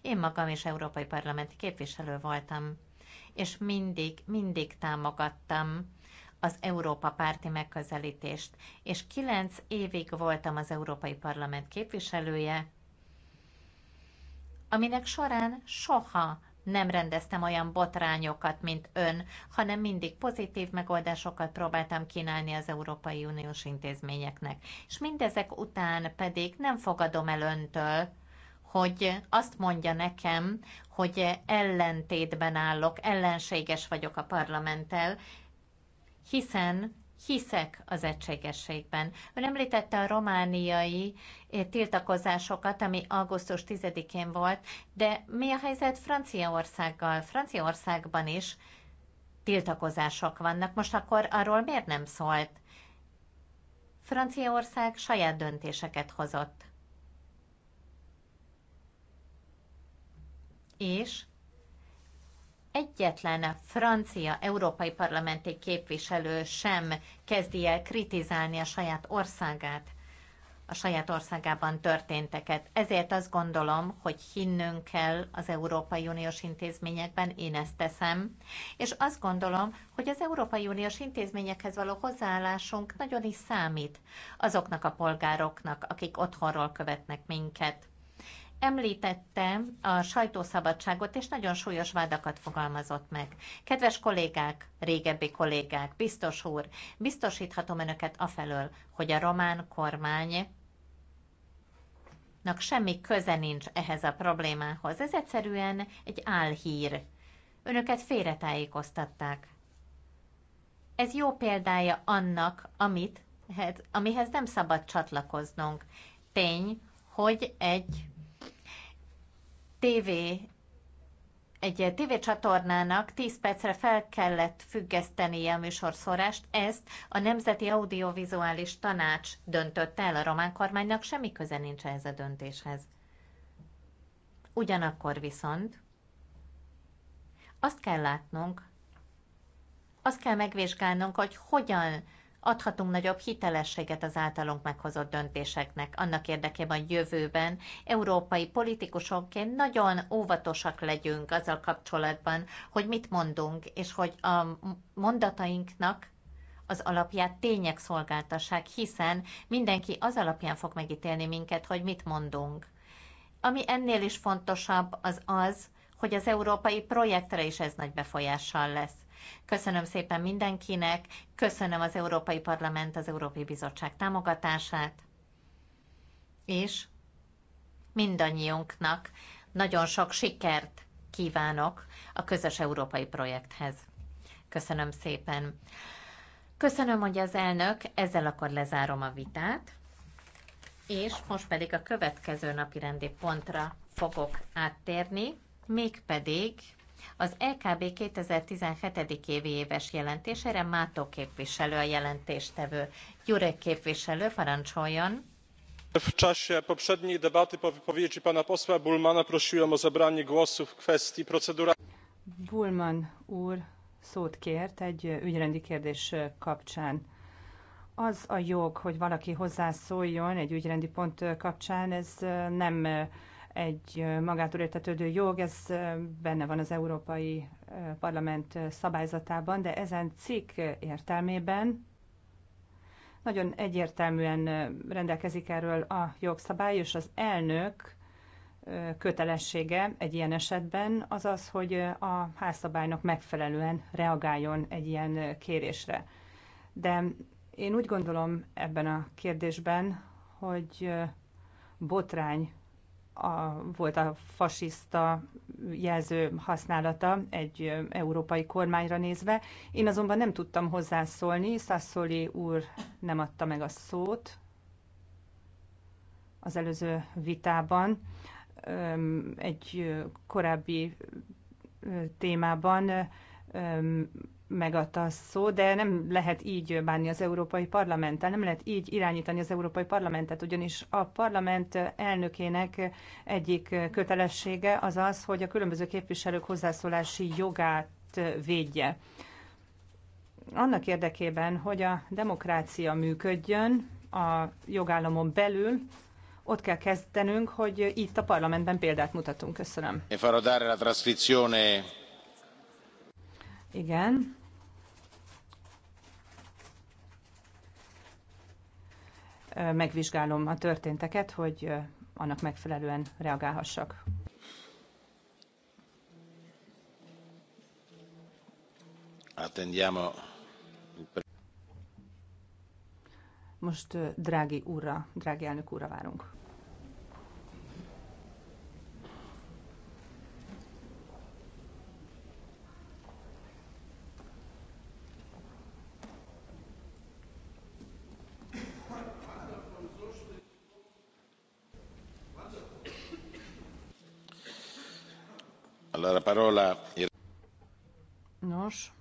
Én magam is európai parlamenti képviselő voltam, és mindig, mindig támogattam az Európa párti megközelítést, és kilenc évig voltam az Európai Parlament képviselője, aminek során soha nem rendeztem olyan botrányokat, mint ön, hanem mindig pozitív megoldásokat próbáltam kínálni az Európai Uniós intézményeknek. És mindezek után pedig nem fogadom el öntől, hogy azt mondja nekem, hogy ellentétben állok, ellenséges vagyok a parlamenttel, hiszen hiszek az egységességben. Ön említette a romániai eh, tiltakozásokat, ami augusztus 10-én volt, de mi a helyzet Franciaországgal? Franciaországban is tiltakozások vannak. Most akkor arról miért nem szólt? Franciaország saját döntéseket hozott. és egyetlen francia európai parlamenti képviselő sem kezdi el kritizálni a saját országát, a saját országában történteket. Ezért azt gondolom, hogy hinnünk kell az Európai Uniós intézményekben, én ezt teszem, és azt gondolom, hogy az Európai Uniós intézményekhez való hozzáállásunk nagyon is számít azoknak a polgároknak, akik otthonról követnek minket Említettem a sajtószabadságot, és nagyon súlyos vádakat fogalmazott meg. Kedves kollégák, régebbi kollégák, biztos úr, biztosíthatom önöket afelől, hogy a román kormány semmi köze nincs ehhez a problémához. Ez egyszerűen egy álhír. Önöket félretájékoztatták. Ez jó példája annak, amit, amihez nem szabad csatlakoznunk. Tény, hogy egy TV egy TV csatornának 10 percre fel kellett függesztenie a műsorszórást, ezt a Nemzeti Audiovizuális Tanács döntötte el a román kormánynak, semmi köze nincs ehhez a döntéshez. Ugyanakkor viszont azt kell látnunk, azt kell megvizsgálnunk, hogy hogyan adhatunk nagyobb hitelességet az általunk meghozott döntéseknek, annak érdekében, hogy jövőben európai politikusokként nagyon óvatosak legyünk azzal kapcsolatban, hogy mit mondunk, és hogy a mondatainknak az alapját tények szolgáltassák, hiszen mindenki az alapján fog megítélni minket, hogy mit mondunk. Ami ennél is fontosabb, az az, hogy az európai projektre is ez nagy befolyással lesz. Köszönöm szépen mindenkinek, köszönöm az Európai Parlament, az Európai Bizottság támogatását, és mindannyiunknak nagyon sok sikert kívánok a közös európai projekthez. Köszönöm szépen. Köszönöm, hogy az elnök, ezzel akkor lezárom a vitát, és most pedig a következő napi rendi pontra fogok áttérni, mégpedig az LKB 2017. évi éves jelentésére Mátó képviselő a jelentéstevő. Gyurek képviselő, parancsoljon! w czasie poprzedniej debaty po wypowiedzi pana posła bullmanna prosiłem o zabranie głosu w kwestii proceduralnej. bullmann úr szót kért egy ügyrendi kérdés kapcsán. Az a jog, hogy valaki hozzászóljon egy ügyrendi pont kapcsán, ez nem egy magától értetődő jog, ez benne van az Európai Parlament szabályzatában, de ezen cikk értelmében nagyon egyértelműen rendelkezik erről a jogszabály, és az elnök kötelessége egy ilyen esetben az az, hogy a házszabálynak megfelelően reagáljon egy ilyen kérésre. De én úgy gondolom ebben a kérdésben, hogy botrány a, volt a fasiszta jelző használata egy európai kormányra nézve. Én azonban nem tudtam hozzászólni, Szaszoli úr nem adta meg a szót az előző vitában. Egy korábbi témában megadta a szó, de nem lehet így bánni az Európai Parlamenttel, nem lehet így irányítani az Európai Parlamentet, ugyanis a parlament elnökének egyik kötelessége az az, hogy a különböző képviselők hozzászólási jogát védje. Annak érdekében, hogy a demokrácia működjön a jogállamon belül, ott kell kezdenünk, hogy itt a parlamentben példát mutatunk. Köszönöm. Igen. megvizsgálom a történteket, hogy annak megfelelően reagálhassak. Attendiamo. Most Drági úrra, Drági elnök úrra várunk. Nos,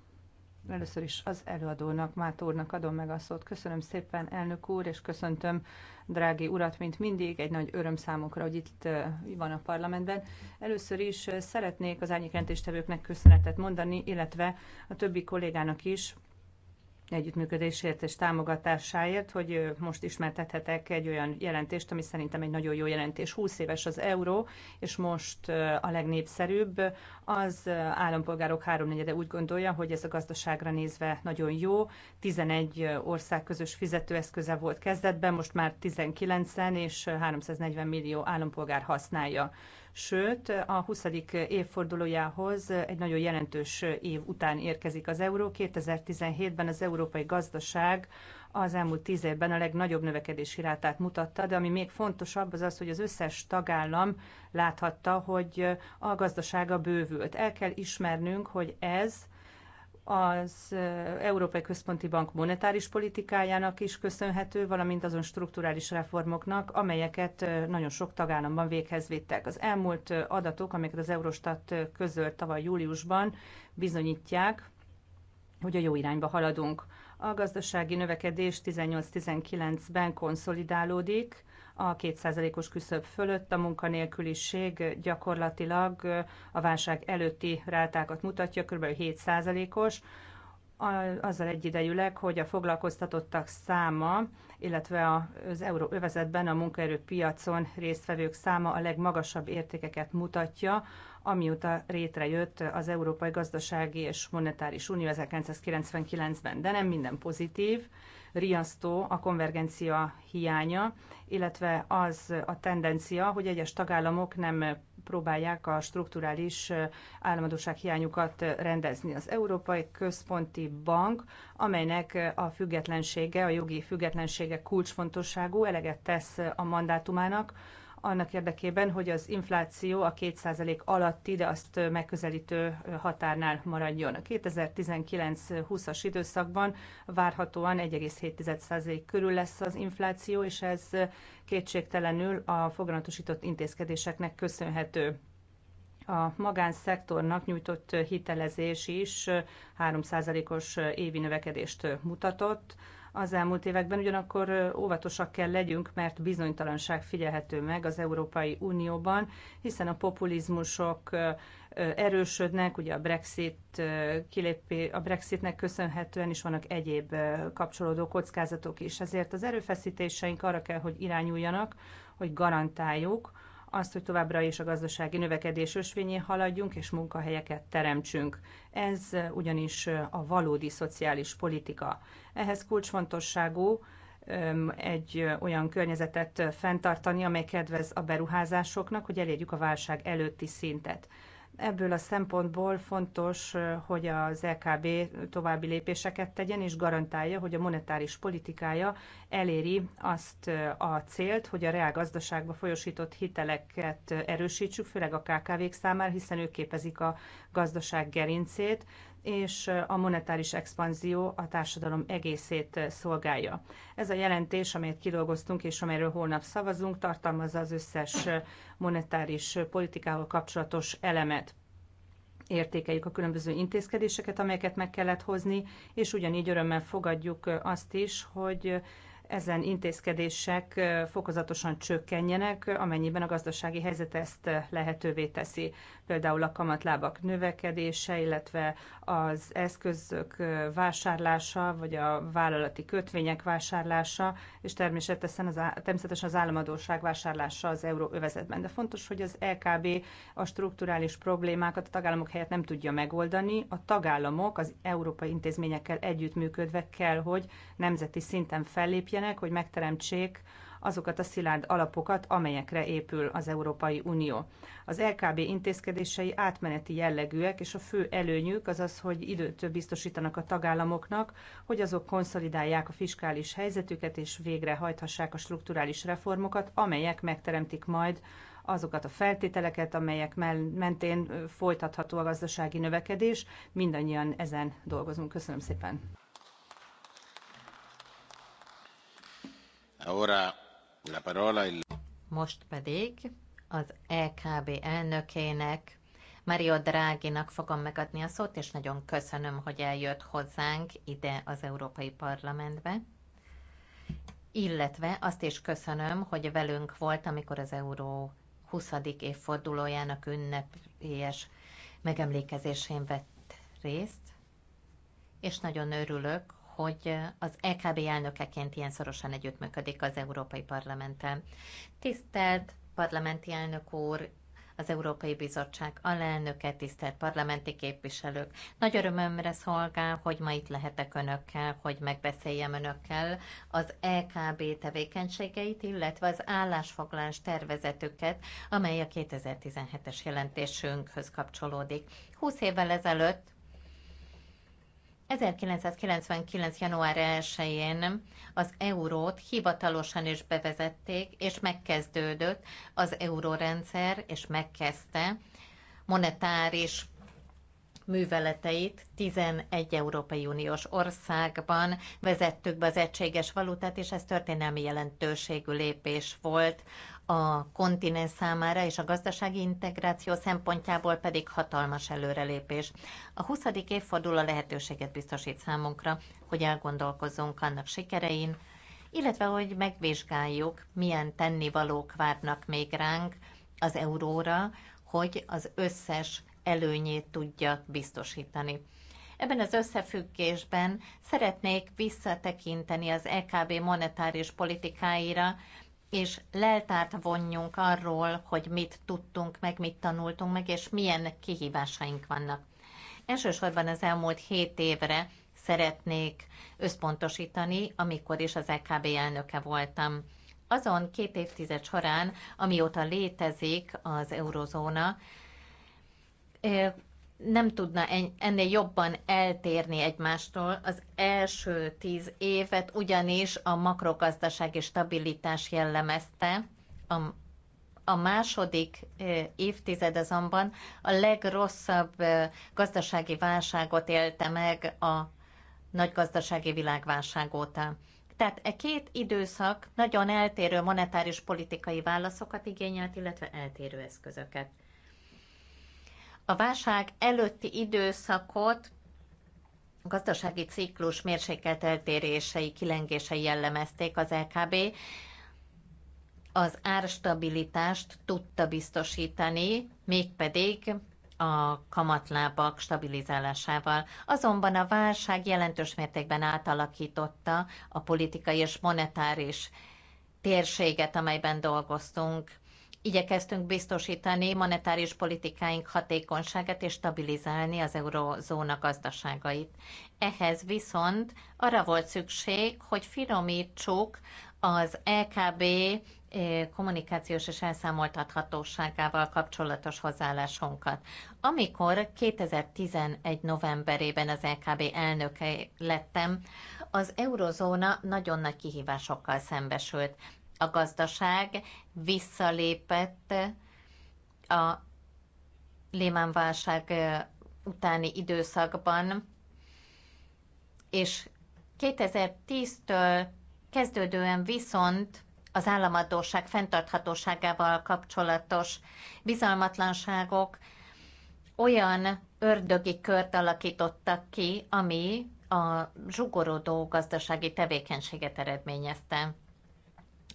először is az előadónak, Mát úrnak adom meg a szót. Köszönöm szépen, elnök úr, és köszöntöm drági urat, mint mindig. Egy nagy öröm számunkra, hogy itt van a parlamentben. Először is szeretnék az árnyékrendtéstevőknek köszönetet mondani, illetve a többi kollégának is, együttműködésért és támogatásáért, hogy most ismertethetek egy olyan jelentést, ami szerintem egy nagyon jó jelentés. 20 éves az euró, és most a legnépszerűbb. Az állampolgárok háromnegyede úgy gondolja, hogy ez a gazdaságra nézve nagyon jó. 11 ország közös fizetőeszköze volt kezdetben, most már 19-en, és 340 millió állampolgár használja sőt a 20. évfordulójához egy nagyon jelentős év után érkezik az euró. 2017-ben az európai gazdaság az elmúlt tíz évben a legnagyobb növekedési rátát mutatta, de ami még fontosabb az az, hogy az összes tagállam láthatta, hogy a gazdasága bővült. El kell ismernünk, hogy ez az Európai Központi Bank monetáris politikájának is köszönhető, valamint azon strukturális reformoknak, amelyeket nagyon sok tagállamban véghez vittek. Az elmúlt adatok, amiket az Eurostat közölt tavaly júliusban, bizonyítják, hogy a jó irányba haladunk. A gazdasági növekedés 18-19-ben konszolidálódik, a kétszázalékos küszöb fölött a munkanélküliség gyakorlatilag a válság előtti rátákat mutatja, kb. 7 os azzal egyidejűleg, hogy a foglalkoztatottak száma, illetve az euróövezetben a munkaerőpiacon résztvevők száma a legmagasabb értékeket mutatja, amióta jött az Európai Gazdasági és Monetáris Unió 1999-ben, de nem minden pozitív. Riasztó a konvergencia hiánya, illetve az a tendencia, hogy egyes tagállamok nem próbálják a strukturális államadóság hiányukat rendezni. Az Európai Központi Bank, amelynek a függetlensége, a jogi függetlensége kulcsfontosságú, eleget tesz a mandátumának, annak érdekében, hogy az infláció a 2% alatti, de azt megközelítő határnál maradjon. A 2019-20-as időszakban várhatóan 1,7% körül lesz az infláció, és ez kétségtelenül a foganatosított intézkedéseknek köszönhető a magánszektornak nyújtott hitelezés is 3%-os évi növekedést mutatott, az elmúlt években, ugyanakkor óvatosak kell legyünk, mert bizonytalanság figyelhető meg az Európai Unióban, hiszen a populizmusok erősödnek, ugye a Brexit kilépé, a Brexitnek köszönhetően is vannak egyéb kapcsolódó kockázatok is. Ezért az erőfeszítéseink arra kell, hogy irányuljanak, hogy garantáljuk, azt, hogy továbbra is a gazdasági növekedés ösvényén haladjunk és munkahelyeket teremtsünk. Ez ugyanis a valódi szociális politika. Ehhez kulcsfontosságú egy olyan környezetet fenntartani, amely kedvez a beruházásoknak, hogy elérjük a válság előtti szintet. Ebből a szempontból fontos, hogy az LKB további lépéseket tegyen, és garantálja, hogy a monetáris politikája eléri azt a célt, hogy a reál gazdaságba folyosított hiteleket erősítsük, főleg a KKV-k számára, hiszen ők képezik a gazdaság gerincét, és a monetáris expanzió a társadalom egészét szolgálja. Ez a jelentés, amelyet kidolgoztunk és amelyről holnap szavazunk, tartalmazza az összes monetáris politikával kapcsolatos elemet értékeljük a különböző intézkedéseket, amelyeket meg kellett hozni, és ugyanígy örömmel fogadjuk azt is, hogy ezen intézkedések fokozatosan csökkenjenek, amennyiben a gazdasági helyzet ezt lehetővé teszi például a kamatlábak növekedése, illetve az eszközök vásárlása, vagy a vállalati kötvények vásárlása, és természetesen az, természetesen az államadóság vásárlása az euróövezetben. De fontos, hogy az LKB a strukturális problémákat a tagállamok helyett nem tudja megoldani. A tagállamok az európai intézményekkel együttműködve kell, hogy nemzeti szinten fellépjenek, hogy megteremtsék azokat a szilárd alapokat, amelyekre épül az Európai Unió. Az LKB intézkedései átmeneti jellegűek, és a fő előnyük az az, hogy időt biztosítanak a tagállamoknak, hogy azok konszolidálják a fiskális helyzetüket, és végrehajthassák a strukturális reformokat, amelyek megteremtik majd azokat a feltételeket, amelyek mentén folytatható a gazdasági növekedés. Mindannyian ezen dolgozunk. Köszönöm szépen. Ahora most pedig az EKB elnökének, Mario Dráginak fogom megadni a szót, és nagyon köszönöm, hogy eljött hozzánk ide az Európai Parlamentbe. Illetve azt is köszönöm, hogy velünk volt, amikor az Euró 20. évfordulójának ünnepélyes megemlékezésén vett részt, és nagyon örülök, hogy az EKB elnökeként ilyen szorosan együttműködik az Európai Parlamenttel. Tisztelt parlamenti elnök úr, az Európai Bizottság alelnöke, tisztelt parlamenti képviselők. Nagy örömömre szolgál, hogy ma itt lehetek önökkel, hogy megbeszéljem önökkel az EKB tevékenységeit, illetve az állásfoglalás tervezetüket, amely a 2017-es jelentésünkhöz kapcsolódik. 20 évvel ezelőtt 1999. január 1-én az eurót hivatalosan is bevezették, és megkezdődött az eurórendszer, és megkezdte monetáris műveleteit 11 Európai Uniós országban vezettük be az egységes valutát, és ez történelmi jelentőségű lépés volt a kontinens számára és a gazdasági integráció szempontjából pedig hatalmas előrelépés. A 20. évforduló lehetőséget biztosít számunkra, hogy elgondolkozzunk annak sikerein, illetve hogy megvizsgáljuk, milyen tennivalók várnak még ránk az euróra, hogy az összes előnyét tudja biztosítani. Ebben az összefüggésben szeretnék visszatekinteni az EKB monetáris politikáira, és leltárt vonjunk arról, hogy mit tudtunk meg, mit tanultunk meg, és milyen kihívásaink vannak. Elsősorban az elmúlt hét évre szeretnék összpontosítani, amikor is az LKB e elnöke voltam. Azon két évtized során, amióta létezik az eurozóna, nem tudna ennél jobban eltérni egymástól az első tíz évet, ugyanis a makrogazdasági stabilitás jellemezte, a, a második évtized azonban a legrosszabb gazdasági válságot élte meg a nagy gazdasági világválság óta. Tehát e két időszak nagyon eltérő monetáris politikai válaszokat igényelt, illetve eltérő eszközöket a válság előtti időszakot a gazdasági ciklus mérsékelt eltérései, kilengései jellemezték az LKB, az árstabilitást tudta biztosítani, mégpedig a kamatlábak stabilizálásával. Azonban a válság jelentős mértékben átalakította a politikai és monetáris térséget, amelyben dolgoztunk igyekeztünk biztosítani monetáris politikáink hatékonyságát és stabilizálni az eurozóna gazdaságait. Ehhez viszont arra volt szükség, hogy finomítsuk az LKB eh, kommunikációs és elszámoltathatóságával kapcsolatos hozzáállásunkat. Amikor 2011. novemberében az LKB elnöke lettem, az eurozóna nagyon nagy kihívásokkal szembesült a gazdaság visszalépett a Lehman válság utáni időszakban, és 2010-től kezdődően viszont az államadóság fenntarthatóságával kapcsolatos bizalmatlanságok olyan ördögi kört alakítottak ki, ami a zsugorodó gazdasági tevékenységet eredményezte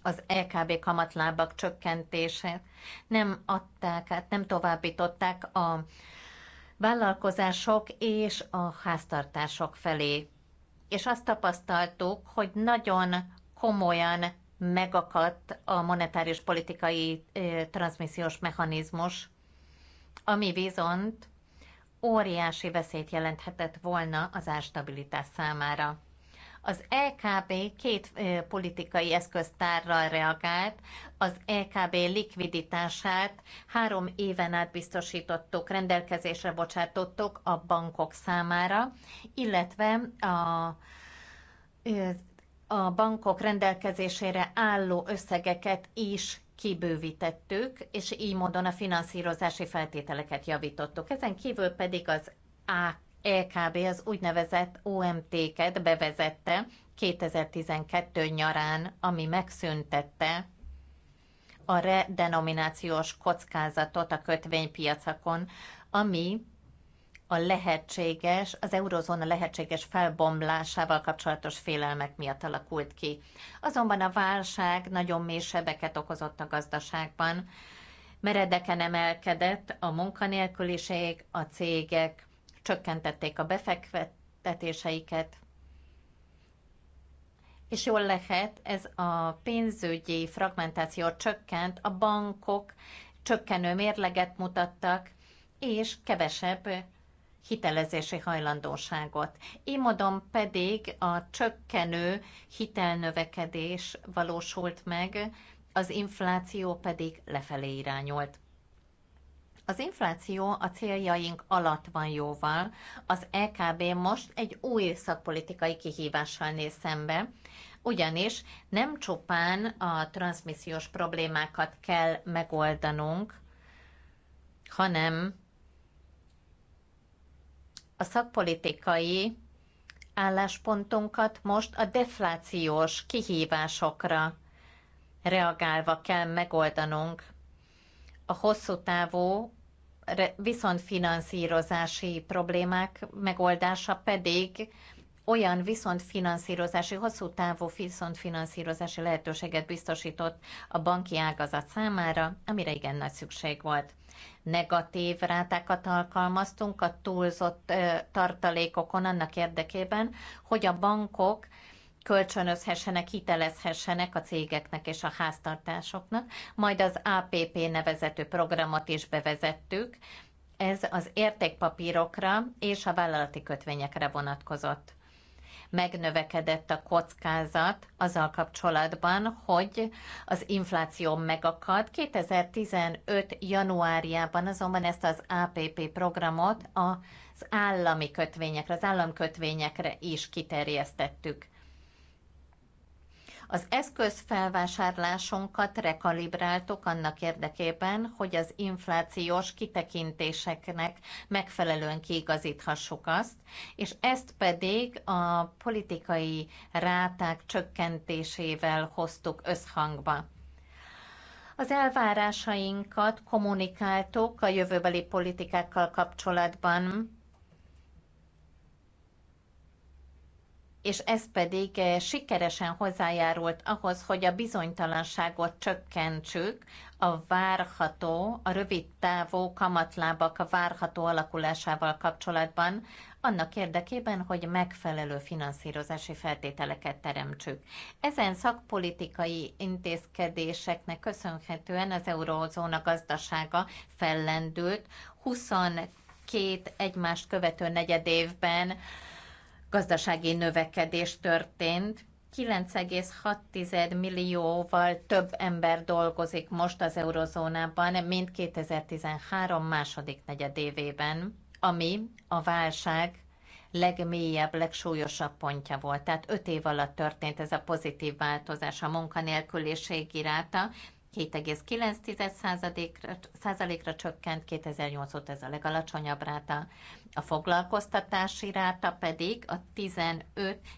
az LKB kamatlábak csökkentése. Nem adták át, nem továbbították a vállalkozások és a háztartások felé. És azt tapasztaltuk, hogy nagyon komolyan megakadt a monetáris politikai eh, transmissziós mechanizmus, ami viszont óriási veszélyt jelenthetett volna az árstabilitás számára. Az LKB e két politikai eszköztárral reagált, az LKB e likviditását három éven át biztosítottuk, rendelkezésre bocsátottuk a bankok számára, illetve a a bankok rendelkezésére álló összegeket is kibővítettük, és így módon a finanszírozási feltételeket javítottuk. Ezen kívül pedig az A LKB e az úgynevezett OMT-ket bevezette 2012 nyarán, ami megszüntette a redenominációs kockázatot a kötvénypiacokon, ami a lehetséges, az eurozóna lehetséges felbomlásával kapcsolatos félelmek miatt alakult ki. Azonban a válság nagyon mély sebeket okozott a gazdaságban. Meredeken emelkedett a munkanélküliség, a cégek csökkentették a befektetéseiket, és jól lehet, ez a pénzügyi fragmentáció csökkent, a bankok csökkenő mérleget mutattak, és kevesebb hitelezési hajlandóságot. Így módon pedig a csökkenő hitelnövekedés valósult meg, az infláció pedig lefelé irányult. Az infláció a céljaink alatt van jóval. Az EKB most egy új szakpolitikai kihívással néz szembe, ugyanis nem csupán a transmissziós problémákat kell megoldanunk, hanem a szakpolitikai álláspontunkat most a deflációs kihívásokra reagálva kell megoldanunk a hosszú távú viszont finanszírozási problémák megoldása pedig olyan viszontfinanszírozási, hosszú távú viszontfinanszírozási lehetőséget biztosított a banki ágazat számára, amire igen nagy szükség volt. Negatív rátákat alkalmaztunk a túlzott tartalékokon annak érdekében, hogy a bankok kölcsönözhessenek, hitelezhessenek a cégeknek és a háztartásoknak. Majd az APP nevezető programot is bevezettük. Ez az értékpapírokra és a vállalati kötvényekre vonatkozott. Megnövekedett a kockázat azzal kapcsolatban, hogy az infláció megakad. 2015. januárjában azonban ezt az APP programot az állami kötvényekre, az államkötvényekre is kiterjesztettük az eszközfelvásárlásunkat rekalibráltuk annak érdekében, hogy az inflációs kitekintéseknek megfelelően kiigazíthassuk azt, és ezt pedig a politikai ráták csökkentésével hoztuk összhangba. Az elvárásainkat kommunikáltuk a jövőbeli politikákkal kapcsolatban, és ez pedig eh, sikeresen hozzájárult ahhoz, hogy a bizonytalanságot csökkentsük, a várható, a rövid távú kamatlábak a várható alakulásával kapcsolatban, annak érdekében, hogy megfelelő finanszírozási feltételeket teremtsük. Ezen szakpolitikai intézkedéseknek köszönhetően az eurózóna gazdasága fellendült, 22 egymást követő negyedévben évben gazdasági növekedés történt, 9,6 millióval több ember dolgozik most az eurozónában, mint 2013 második negyedévében, ami a válság legmélyebb, legsúlyosabb pontja volt. Tehát öt év alatt történt ez a pozitív változás, a munkanélküliség iráta 79 ra csökkent, 2008 óta ez a legalacsonyabb ráta. A foglalkoztatási ráta pedig a 15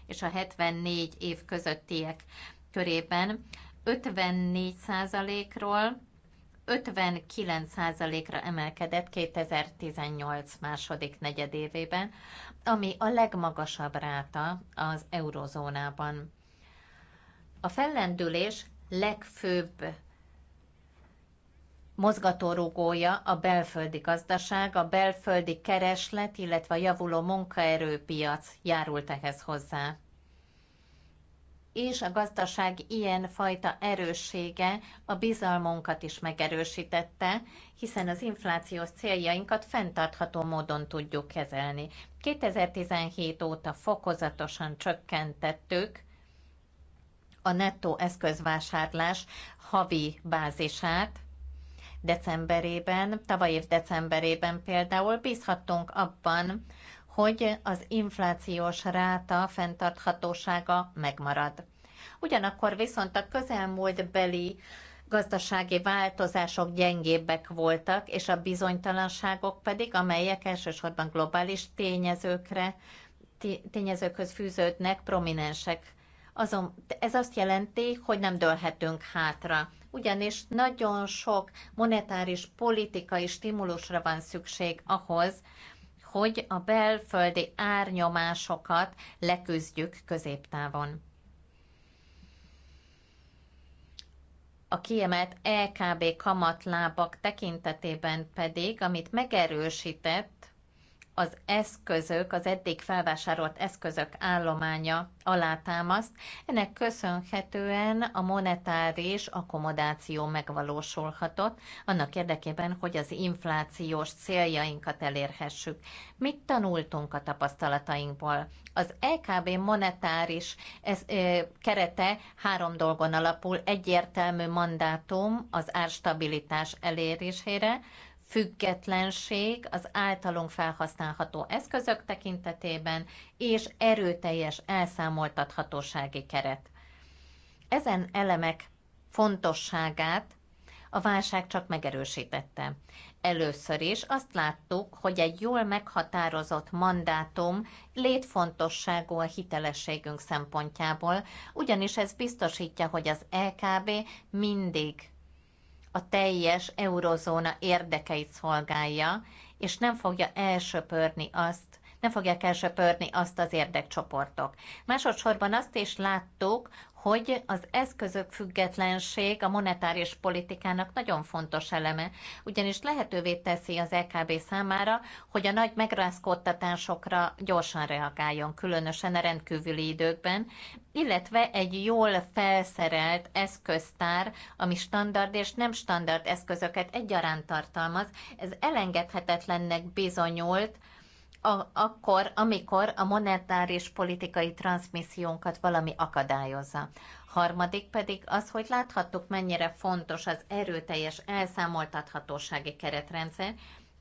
és a 74 év közöttiek körében 54%-ról 59%-ra emelkedett 2018 második negyedévében, ami a legmagasabb ráta az eurozónában. A fellendülés legfőbb mozgatórugója a belföldi gazdaság, a belföldi kereslet, illetve a javuló munkaerőpiac járult ehhez hozzá. És a gazdaság ilyen fajta erőssége a bizalmunkat is megerősítette, hiszen az inflációs céljainkat fenntartható módon tudjuk kezelni. 2017 óta fokozatosan csökkentettük a nettó eszközvásárlás havi bázisát, decemberében, tavaly év decemberében például bízhattunk abban, hogy az inflációs ráta fenntarthatósága megmarad. Ugyanakkor viszont a közelmúltbeli gazdasági változások gyengébbek voltak, és a bizonytalanságok pedig, amelyek elsősorban globális tényezőkre, tényezőkhöz fűződnek, prominensek. Azon, ez azt jelenti, hogy nem dőlhetünk hátra ugyanis nagyon sok monetáris politikai stimulusra van szükség ahhoz, hogy a belföldi árnyomásokat leküzdjük középtávon. A kiemelt LKB e kamatlábak tekintetében pedig, amit megerősített az eszközök, az eddig felvásárolt eszközök állománya alátámaszt. Ennek köszönhetően a monetáris akkomodáció megvalósulhatott, annak érdekében, hogy az inflációs céljainkat elérhessük. Mit tanultunk a tapasztalatainkból? Az EKB monetáris ez, ö, kerete három dolgon alapul. Egyértelmű mandátum az árstabilitás elérésére, függetlenség az általunk felhasználható eszközök tekintetében, és erőteljes elszámoltathatósági keret. Ezen elemek fontosságát a válság csak megerősítette. Először is azt láttuk, hogy egy jól meghatározott mandátum létfontosságú a hitelességünk szempontjából, ugyanis ez biztosítja, hogy az LKB mindig a teljes eurozóna érdekeit szolgálja, és nem fogja elsöpörni azt, nem fogják elsöpörni azt az érdekcsoportok. Másodszorban azt is láttuk, hogy az eszközök függetlenség a monetáris politikának nagyon fontos eleme, ugyanis lehetővé teszi az EKB számára, hogy a nagy megrázkódtatásokra gyorsan reagáljon, különösen a rendkívüli időkben, illetve egy jól felszerelt eszköztár, ami standard és nem standard eszközöket egyaránt tartalmaz, ez elengedhetetlennek bizonyult, a, akkor, amikor a monetáris politikai transmissziónkat valami akadályozza. Harmadik pedig az, hogy láthattuk, mennyire fontos az erőteljes elszámoltathatósági keretrendszer,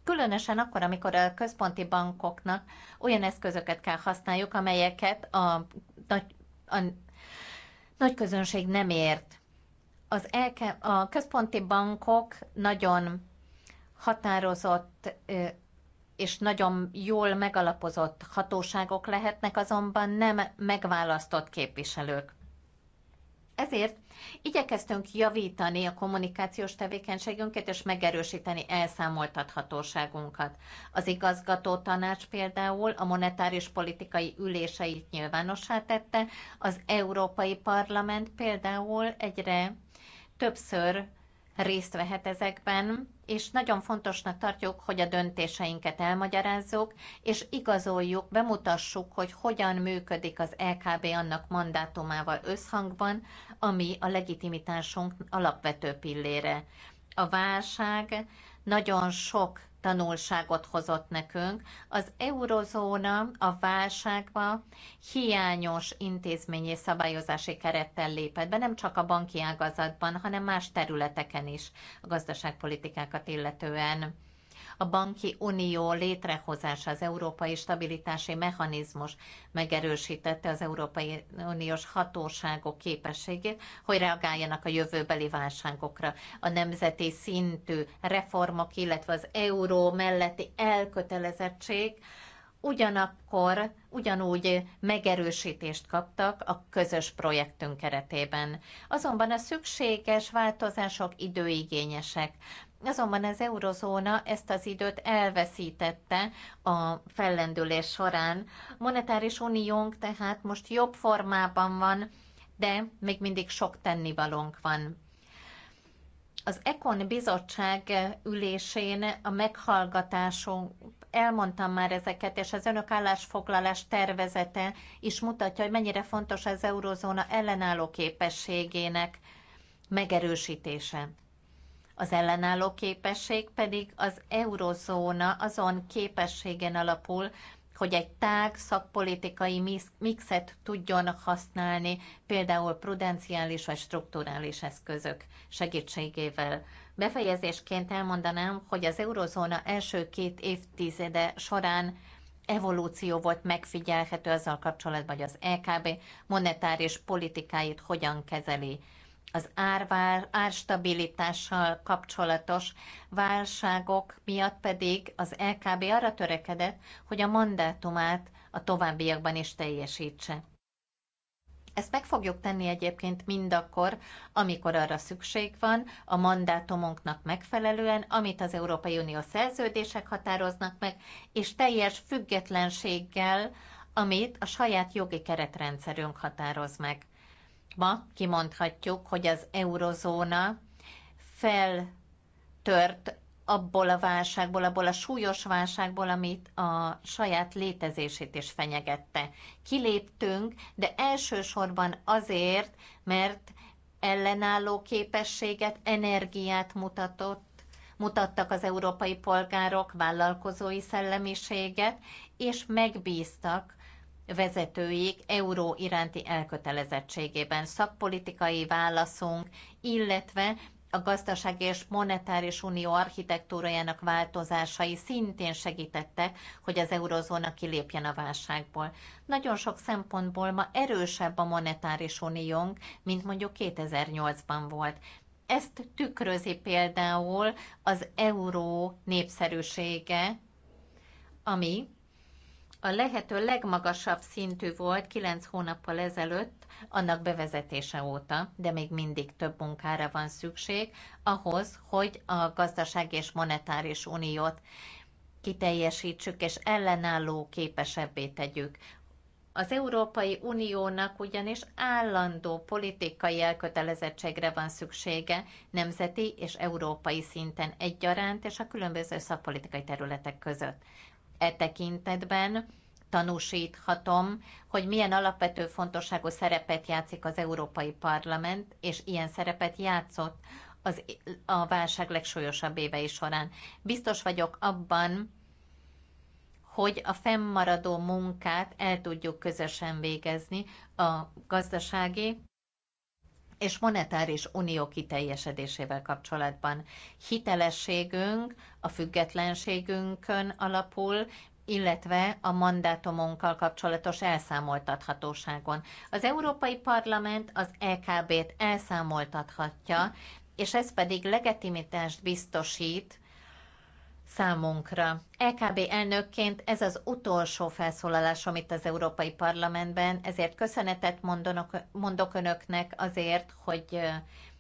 Különösen akkor, amikor a központi bankoknak olyan eszközöket kell használjuk, amelyeket a nagy, a nagy közönség nem ért. Az elke, a központi bankok nagyon határozott és nagyon jól megalapozott hatóságok lehetnek, azonban nem megválasztott képviselők. Ezért igyekeztünk javítani a kommunikációs tevékenységünket és megerősíteni elszámoltathatóságunkat. Az igazgató tanács például a monetáris politikai üléseit nyilvánossá tette, az Európai Parlament például egyre többször részt vehet ezekben, és nagyon fontosnak tartjuk, hogy a döntéseinket elmagyarázzuk, és igazoljuk, bemutassuk, hogy hogyan működik az LKB annak mandátumával összhangban, ami a legitimitásunk alapvető pillére. A válság nagyon sok tanulságot hozott nekünk. Az eurozóna a válságba hiányos intézményi szabályozási kerettel lépett be, nem csak a banki ágazatban, hanem más területeken is a gazdaságpolitikákat illetően a banki unió létrehozása, az európai stabilitási mechanizmus megerősítette az Európai Uniós hatóságok képességét, hogy reagáljanak a jövőbeli válságokra. A nemzeti szintű reformok, illetve az euró melletti elkötelezettség, ugyanakkor ugyanúgy megerősítést kaptak a közös projektünk keretében. Azonban a szükséges változások időigényesek. Azonban az eurozóna ezt az időt elveszítette a fellendülés során. Monetáris uniónk tehát most jobb formában van, de még mindig sok tennivalónk van. Az Ekon bizottság ülésén a meghallgatásunk elmondtam már ezeket, és az önök állásfoglalás tervezete is mutatja, hogy mennyire fontos az eurozóna ellenálló képességének megerősítése. Az ellenálló képesség pedig az eurozóna azon képességen alapul, hogy egy tág szakpolitikai mixet tudjon használni, például prudenciális vagy strukturális eszközök segítségével. Befejezésként elmondanám, hogy az eurozóna első két évtizede során evolúció volt megfigyelhető azzal kapcsolatban, hogy az EKB monetáris politikáit hogyan kezeli az árvár, árstabilitással kapcsolatos válságok miatt pedig az LKB arra törekedett, hogy a mandátumát a továbbiakban is teljesítse. Ezt meg fogjuk tenni egyébként mindakkor, amikor arra szükség van, a mandátumunknak megfelelően, amit az Európai Unió szerződések határoznak meg, és teljes függetlenséggel, amit a saját jogi keretrendszerünk határoz meg ma kimondhatjuk, hogy az eurozóna feltört abból a válságból, abból a súlyos válságból, amit a saját létezését is fenyegette. Kiléptünk, de elsősorban azért, mert ellenálló képességet, energiát mutatott, mutattak az európai polgárok vállalkozói szellemiséget, és megbíztak vezetőik euró iránti elkötelezettségében. Szakpolitikai válaszunk, illetve a gazdasági és monetáris unió architektúrájának változásai szintén segítettek, hogy az eurozóna kilépjen a válságból. Nagyon sok szempontból ma erősebb a monetáris uniónk, mint mondjuk 2008-ban volt. Ezt tükrözi például az euró népszerűsége, ami a lehető legmagasabb szintű volt 9 hónappal ezelőtt annak bevezetése óta, de még mindig több munkára van szükség ahhoz, hogy a gazdasági és monetáris uniót kiteljesítsük és ellenálló képesebbé tegyük. Az Európai Uniónak ugyanis állandó politikai elkötelezettségre van szüksége nemzeti és európai szinten egyaránt és a különböző szakpolitikai területek között e tekintetben tanúsíthatom, hogy milyen alapvető fontosságú szerepet játszik az Európai Parlament, és ilyen szerepet játszott az, a válság legsúlyosabb évei során. Biztos vagyok abban, hogy a fennmaradó munkát el tudjuk közösen végezni a gazdasági és monetáris unió kiteljesedésével kapcsolatban. Hitelességünk a függetlenségünkön alapul, illetve a mandátumunkkal kapcsolatos elszámoltathatóságon. Az Európai Parlament az EKB-t elszámoltathatja, és ez pedig legitimitást biztosít számunkra. LKB e elnökként ez az utolsó felszólalásom itt az Európai Parlamentben, ezért köszönetet mondonok, mondok önöknek azért, hogy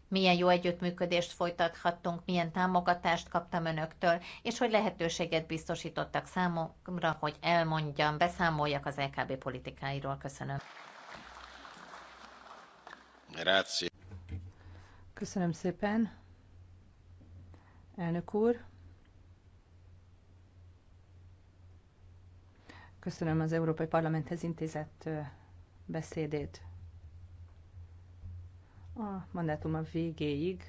milyen jó együttműködést folytathattunk, milyen támogatást kaptam önöktől, és hogy lehetőséget biztosítottak számomra, hogy elmondjam, beszámoljak az LKB e politikáiról. Köszönöm. Grazie. Köszönöm szépen. Elnök úr. Köszönöm az Európai Parlamenthez intézett beszédét. A mandátum a végéig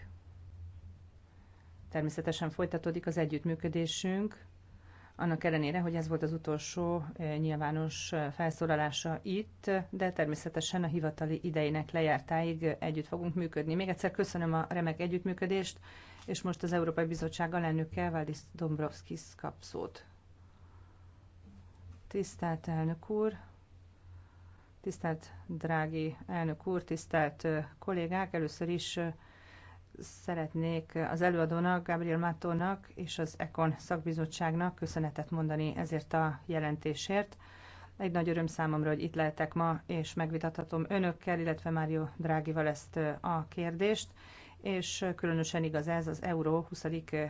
természetesen folytatódik az együttműködésünk, annak ellenére, hogy ez volt az utolsó nyilvános felszólalása itt, de természetesen a hivatali idejének lejártáig együtt fogunk működni. Még egyszer köszönöm a remek együttműködést, és most az Európai Bizottság alelnöke Valdis Dombrovskis kap szót. Tisztelt elnök úr, tisztelt drági elnök úr, tisztelt kollégák, először is szeretnék az előadónak, Gabriel Mátónak és az Econ szakbizottságnak köszönetet mondani ezért a jelentésért. Egy nagy öröm számomra, hogy itt lehetek ma, és megvitathatom önökkel, illetve Mário Drágival ezt a kérdést és különösen igaz ez az euró 20.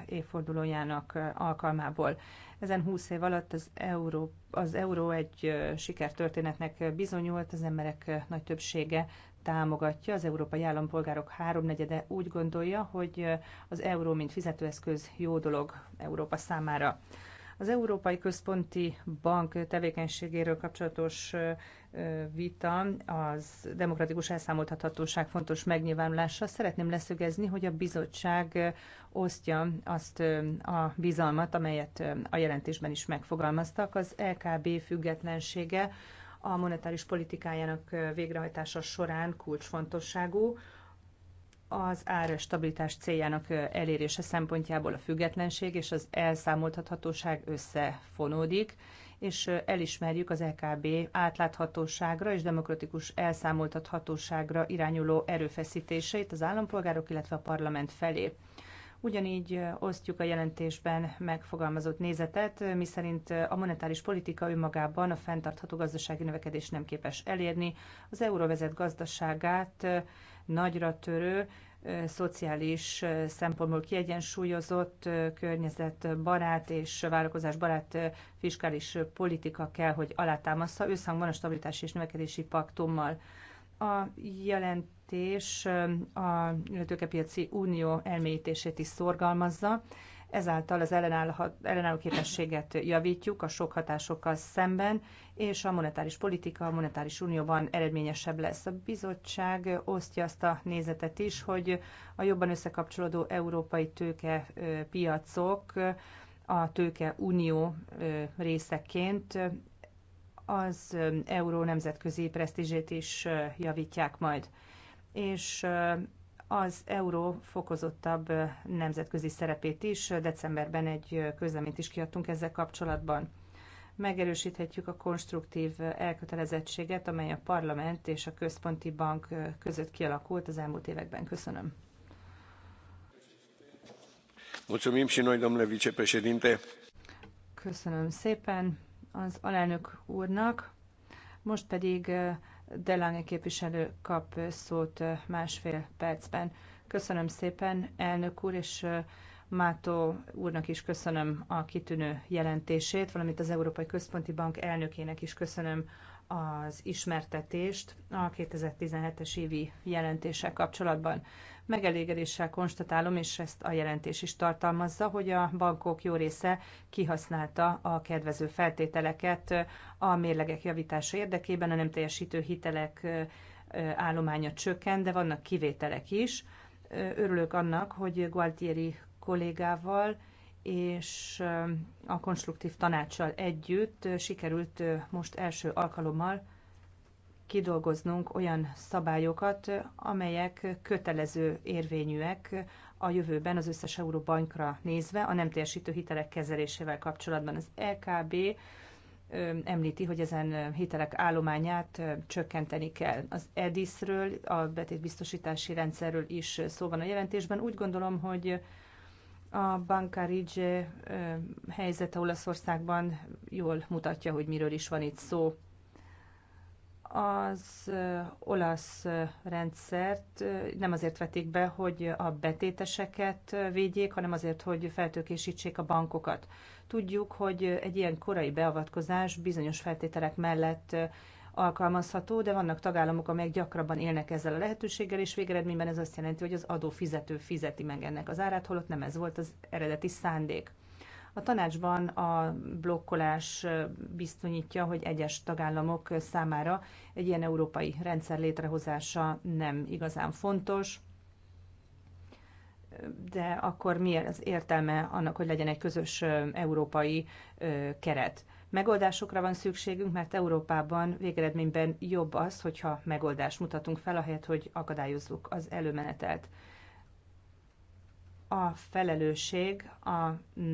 évfordulójának alkalmából. Ezen 20 év alatt az euró, az euró egy sikertörténetnek bizonyult, az emberek nagy többsége támogatja. Az európai állampolgárok háromnegyede úgy gondolja, hogy az euró, mint fizetőeszköz jó dolog Európa számára. Az Európai Központi Bank tevékenységéről kapcsolatos vita az demokratikus elszámoltathatóság fontos megnyilvánulása. Szeretném leszögezni, hogy a bizottság osztja azt a bizalmat, amelyet a jelentésben is megfogalmaztak. Az LKB függetlensége a monetáris politikájának végrehajtása során kulcsfontosságú az árstabilitás céljának elérése szempontjából a függetlenség és az elszámoltathatóság összefonódik, és elismerjük az EKB átláthatóságra és demokratikus elszámoltathatóságra irányuló erőfeszítéseit az állampolgárok, illetve a parlament felé. Ugyanígy osztjuk a jelentésben megfogalmazott nézetet, miszerint a monetáris politika önmagában a fenntartható gazdasági növekedés nem képes elérni, az euróvezet gazdaságát nagyra törő, szociális szempontból kiegyensúlyozott, környezetbarát és vállalkozásbarát fiskális politika kell, hogy alátámasza. összhangban a stabilitási és növekedési paktummal. A jelentés a tőkepiaci unió elmélyítését is szorgalmazza, Ezáltal az ellenálló képességet javítjuk a sok hatásokkal szemben, és a monetáris politika a monetáris unióban eredményesebb lesz. A bizottság osztja azt a nézetet is, hogy a jobban összekapcsolódó európai tőke piacok a tőke unió részeként az euró nemzetközi presztízsét is javítják majd. És az euró fokozottabb nemzetközi szerepét is. Decemberben egy közleményt is kiadtunk ezzel kapcsolatban. Megerősíthetjük a konstruktív elkötelezettséget, amely a parlament és a központi bank között kialakult az elmúlt években. Köszönöm. Köszönöm szépen az alelnök úrnak. Most pedig Delange képviselő kap szót másfél percben. Köszönöm szépen, elnök úr, és Mátó úrnak is köszönöm a kitűnő jelentését, valamint az Európai Központi Bank elnökének is köszönöm az ismertetést a 2017-es évi jelentéssel kapcsolatban. Megelégedéssel konstatálom, és ezt a jelentés is tartalmazza, hogy a bankok jó része kihasználta a kedvező feltételeket a mérlegek javítása érdekében, a nem teljesítő hitelek állománya csökken, de vannak kivételek is. Örülök annak, hogy Gualtieri kollégával és a konstruktív tanácssal együtt sikerült most első alkalommal kidolgoznunk olyan szabályokat, amelyek kötelező érvényűek a jövőben az összes euróbankra nézve a nem teljesítő hitelek kezelésével kapcsolatban. Az LKB e említi, hogy ezen hitelek állományát csökkenteni kell. Az EDIS-ről, a betétbiztosítási rendszerről is szó van a jelentésben. Úgy gondolom, hogy a Banca Rige helyzete Olaszországban jól mutatja, hogy miről is van itt szó. Az olasz rendszert nem azért vették be, hogy a betéteseket védjék, hanem azért, hogy feltőkésítsék a bankokat. Tudjuk, hogy egy ilyen korai beavatkozás bizonyos feltételek mellett alkalmazható, de vannak tagállamok, amelyek gyakrabban élnek ezzel a lehetőséggel, és végeredményben ez azt jelenti, hogy az adófizető fizeti meg ennek az árát, holott nem ez volt az eredeti szándék. A tanácsban a blokkolás bizonyítja, hogy egyes tagállamok számára egy ilyen európai rendszer létrehozása nem igazán fontos, de akkor mi az értelme annak, hogy legyen egy közös európai keret? Megoldásokra van szükségünk, mert Európában végeredményben jobb az, hogyha megoldást mutatunk fel, ahelyett, hogy akadályozzuk az előmenetelt. A felelősség a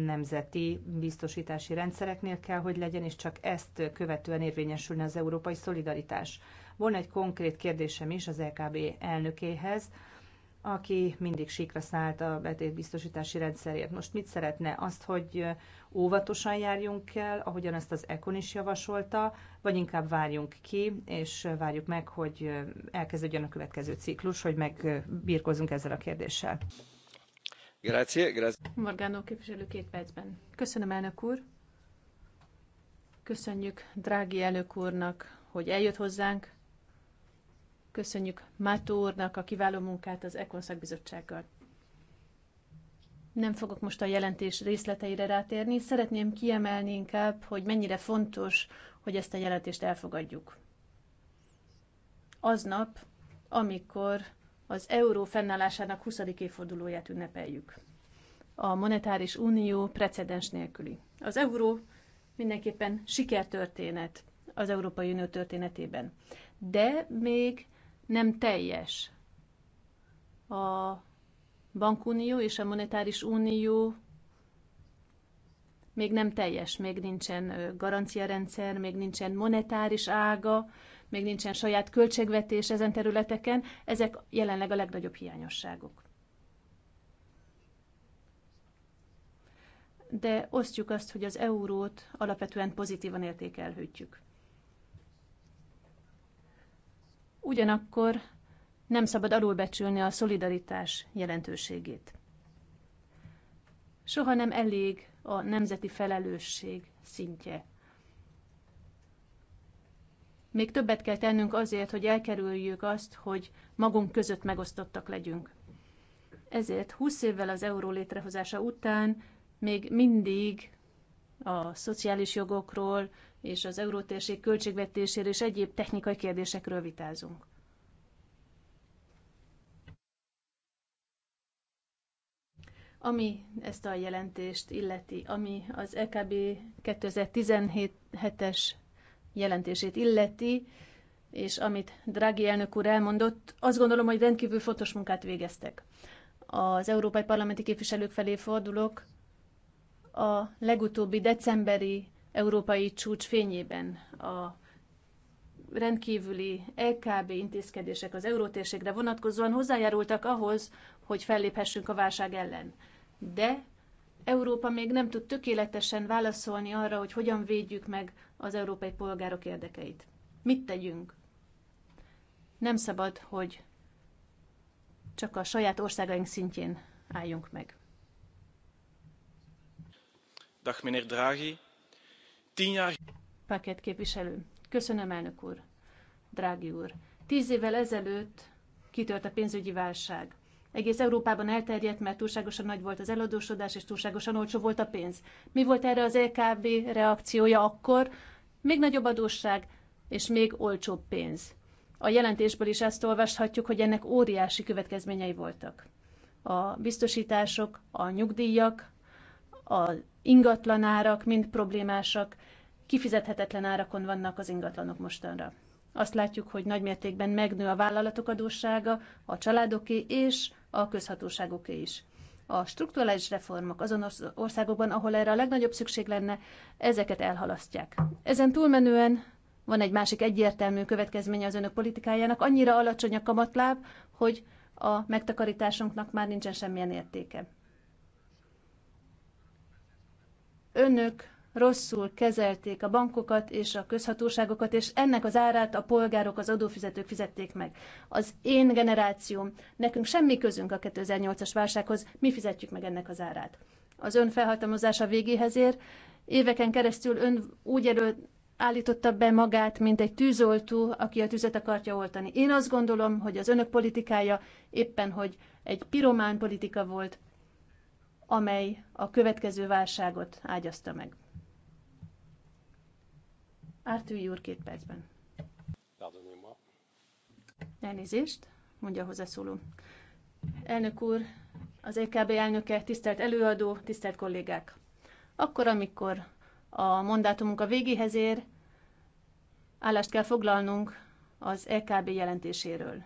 nemzeti biztosítási rendszereknél kell, hogy legyen, és csak ezt követően érvényesülne az európai szolidaritás. Volna egy konkrét kérdésem is az LKB e elnökéhez aki mindig síkra szállt a betétbiztosítási rendszerért. Most mit szeretne? Azt, hogy óvatosan járjunk el, ahogyan ezt az Econ is javasolta, vagy inkább várjunk ki, és várjuk meg, hogy elkezdődjön a következő ciklus, hogy megbírkozunk ezzel a kérdéssel. Grazie, grazie. Morgano képviselő két percben. Köszönöm, elnök úr. Köszönjük drági elnök úrnak, hogy eljött hozzánk, Köszönjük Mátó úrnak a kiváló munkát az Ekon szakbizottsággal. Nem fogok most a jelentés részleteire rátérni, szeretném kiemelni inkább, hogy mennyire fontos, hogy ezt a jelentést elfogadjuk. Aznap, amikor az euró fennállásának 20. évfordulóját ünnepeljük. A monetáris unió precedens nélküli. Az euró mindenképpen sikertörténet az Európai Unió történetében. De még nem teljes. A bankunió és a monetáris unió még nem teljes, még nincsen garanciarendszer, még nincsen monetáris ága, még nincsen saját költségvetés ezen területeken, ezek jelenleg a legnagyobb hiányosságok. De osztjuk azt, hogy az eurót alapvetően pozitívan értékelhetjük. Ugyanakkor nem szabad alulbecsülni a szolidaritás jelentőségét. Soha nem elég a nemzeti felelősség szintje. Még többet kell tennünk azért, hogy elkerüljük azt, hogy magunk között megosztottak legyünk. Ezért 20 évvel az euró létrehozása után még mindig a szociális jogokról, és az eurótérség költségvetéséről és egyéb technikai kérdésekről vitázunk. Ami ezt a jelentést illeti, ami az EKB 2017-es jelentését illeti, és amit Draghi elnök úr elmondott, azt gondolom, hogy rendkívül fontos munkát végeztek. Az európai parlamenti képviselők felé fordulok, a legutóbbi decemberi európai csúcs fényében a rendkívüli LKB intézkedések az eurótérségre vonatkozóan hozzájárultak ahhoz, hogy felléphessünk a válság ellen. De Európa még nem tud tökéletesen válaszolni arra, hogy hogyan védjük meg az európai polgárok érdekeit. Mit tegyünk? Nem szabad, hogy csak a saját országaink szintjén álljunk meg. Dag meneer Draghi, Paket képviselő. Köszönöm, elnök úr. Drági úr. Tíz évvel ezelőtt kitört a pénzügyi válság. Egész Európában elterjedt, mert túlságosan nagy volt az eladósodás, és túlságosan olcsó volt a pénz. Mi volt erre az LKB e reakciója akkor? Még nagyobb adósság, és még olcsóbb pénz. A jelentésből is ezt olvashatjuk, hogy ennek óriási következményei voltak. A biztosítások, a nyugdíjak, a ingatlanárak mind problémásak, kifizethetetlen árakon vannak az ingatlanok mostanra. Azt látjuk, hogy nagymértékben megnő a vállalatok adóssága, a családoké és a közhatóságoké is. A strukturális reformok azon országokban, ahol erre a legnagyobb szükség lenne, ezeket elhalasztják. Ezen túlmenően van egy másik egyértelmű következménye az önök politikájának, annyira alacsony a kamatláb, hogy a megtakarításunknak már nincsen semmilyen értéke. önök rosszul kezelték a bankokat és a közhatóságokat, és ennek az árát a polgárok, az adófizetők fizették meg. Az én generációm, nekünk semmi közünk a 2008-as válsághoz, mi fizetjük meg ennek az árát. Az ön felhatalmazása végéhez ér, éveken keresztül ön úgy elő állította be magát, mint egy tűzoltó, aki a tüzet akarja oltani. Én azt gondolom, hogy az önök politikája éppen, hogy egy piromán politika volt, amely a következő válságot ágyazta meg. Ártői úr két percben. Elnézést, mondja a hozzászóló. Elnök úr, az EKB elnöke, tisztelt előadó, tisztelt kollégák. Akkor, amikor a mandátumunk a végéhez ér, állást kell foglalnunk az EKB jelentéséről.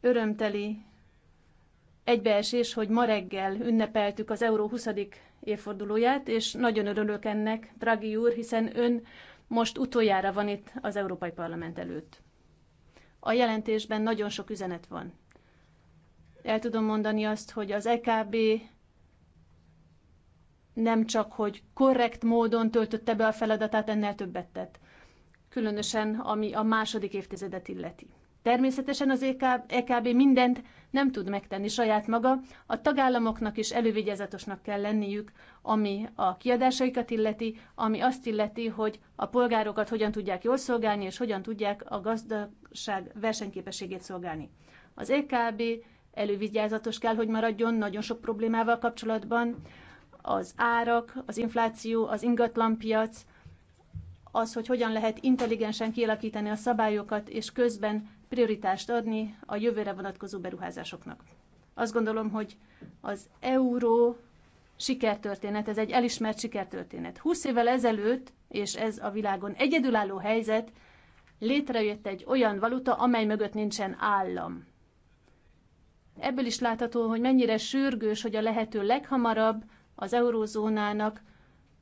Örömteli egybeesés, hogy ma reggel ünnepeltük az Euró 20. évfordulóját, és nagyon örülök ennek, Draghi úr, hiszen ön most utoljára van itt az Európai Parlament előtt. A jelentésben nagyon sok üzenet van. El tudom mondani azt, hogy az EKB nem csak, hogy korrekt módon töltötte be a feladatát, ennél többet tett. Különösen, ami a második évtizedet illeti. Természetesen az EKB e mindent nem tud megtenni saját maga, a tagállamoknak is elővigyázatosnak kell lenniük, ami a kiadásaikat illeti, ami azt illeti, hogy a polgárokat hogyan tudják jól szolgálni, és hogyan tudják a gazdaság versenyképességét szolgálni. Az EKB elővigyázatos kell, hogy maradjon nagyon sok problémával kapcsolatban, az árak, az infláció, az ingatlanpiac, az, hogy hogyan lehet intelligensen kialakítani a szabályokat, és közben prioritást adni a jövőre vonatkozó beruházásoknak. Azt gondolom, hogy az euró sikertörténet, ez egy elismert sikertörténet. 20 évvel ezelőtt, és ez a világon egyedülálló helyzet, létrejött egy olyan valuta, amely mögött nincsen állam. Ebből is látható, hogy mennyire sürgős, hogy a lehető leghamarabb az eurózónának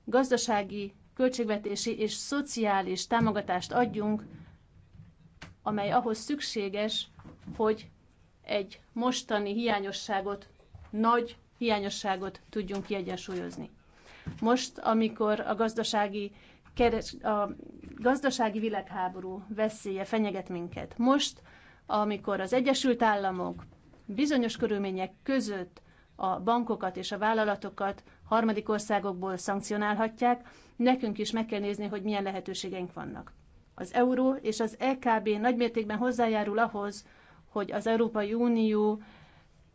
gazdasági, költségvetési és szociális támogatást adjunk amely ahhoz szükséges, hogy egy mostani hiányosságot, nagy hiányosságot tudjunk kiegyensúlyozni. Most, amikor a gazdasági, keres, a gazdasági világháború veszélye fenyeget minket, most, amikor az Egyesült Államok bizonyos körülmények között a bankokat és a vállalatokat harmadik országokból szankcionálhatják, nekünk is meg kell nézni, hogy milyen lehetőségeink vannak. Az euró és az EKB nagymértékben hozzájárul ahhoz, hogy az Európai Unió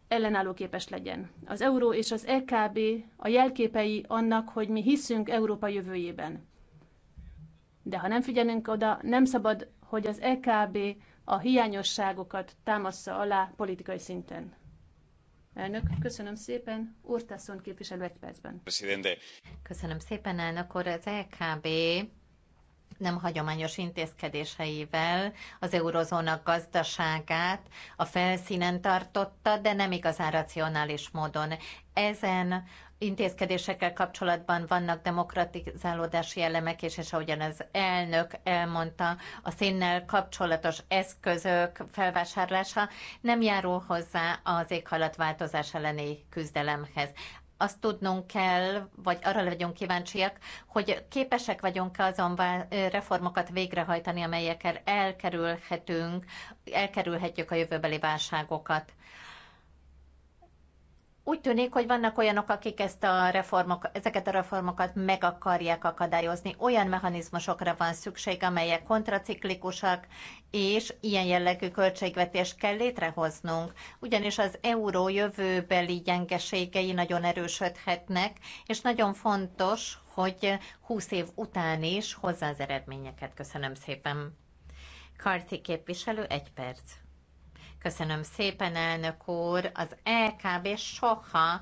ellenálló képes legyen. Az euró és az EKB a jelképei annak, hogy mi hiszünk Európa jövőjében. De ha nem figyelünk oda, nem szabad, hogy az EKB a hiányosságokat támassza alá politikai szinten. Elnök, köszönöm szépen. Urtászon képviselő egy percben. Köszönöm szépen, elnök úr. Az EKB nem hagyományos intézkedéseivel az eurozóna gazdaságát a felszínen tartotta, de nem igazán racionális módon. Ezen intézkedésekkel kapcsolatban vannak demokratizálódási elemek és, és ahogyan az elnök elmondta, a színnel kapcsolatos eszközök felvásárlása nem járul hozzá az éghajlatváltozás elleni küzdelemhez azt tudnunk kell, vagy arra legyünk kíváncsiak, hogy képesek vagyunk-e azon reformokat végrehajtani, amelyekkel elkerülhetünk, elkerülhetjük a jövőbeli válságokat. Úgy tűnik, hogy vannak olyanok, akik ezt a reformok, ezeket a reformokat meg akarják akadályozni. Olyan mechanizmusokra van szükség, amelyek kontraciklikusak, és ilyen jellegű költségvetést kell létrehoznunk, ugyanis az euró jövőbeli gyengeségei nagyon erősödhetnek, és nagyon fontos, hogy 20 év után is hozzá az eredményeket. Köszönöm szépen. Karti képviselő, egy perc. Köszönöm szépen, elnök úr. Az LKB e soha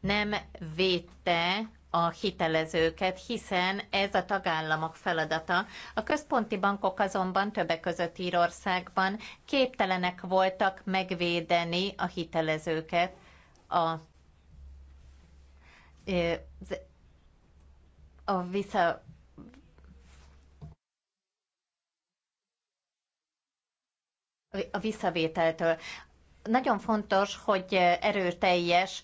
nem védte a hitelezőket, hiszen ez a tagállamok feladata. A központi bankok azonban többek között Írországban képtelenek voltak megvédeni a hitelezőket a, a vissza a visszavételtől. Nagyon fontos, hogy erőteljes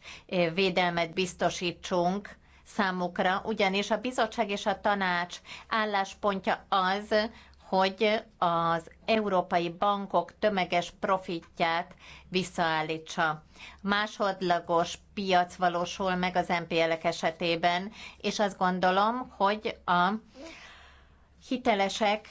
védelmet biztosítsunk számukra, ugyanis a bizottság és a tanács álláspontja az, hogy az európai bankok tömeges profitját visszaállítsa. Másodlagos piac valósul meg az npl ek esetében, és azt gondolom, hogy a hitelesek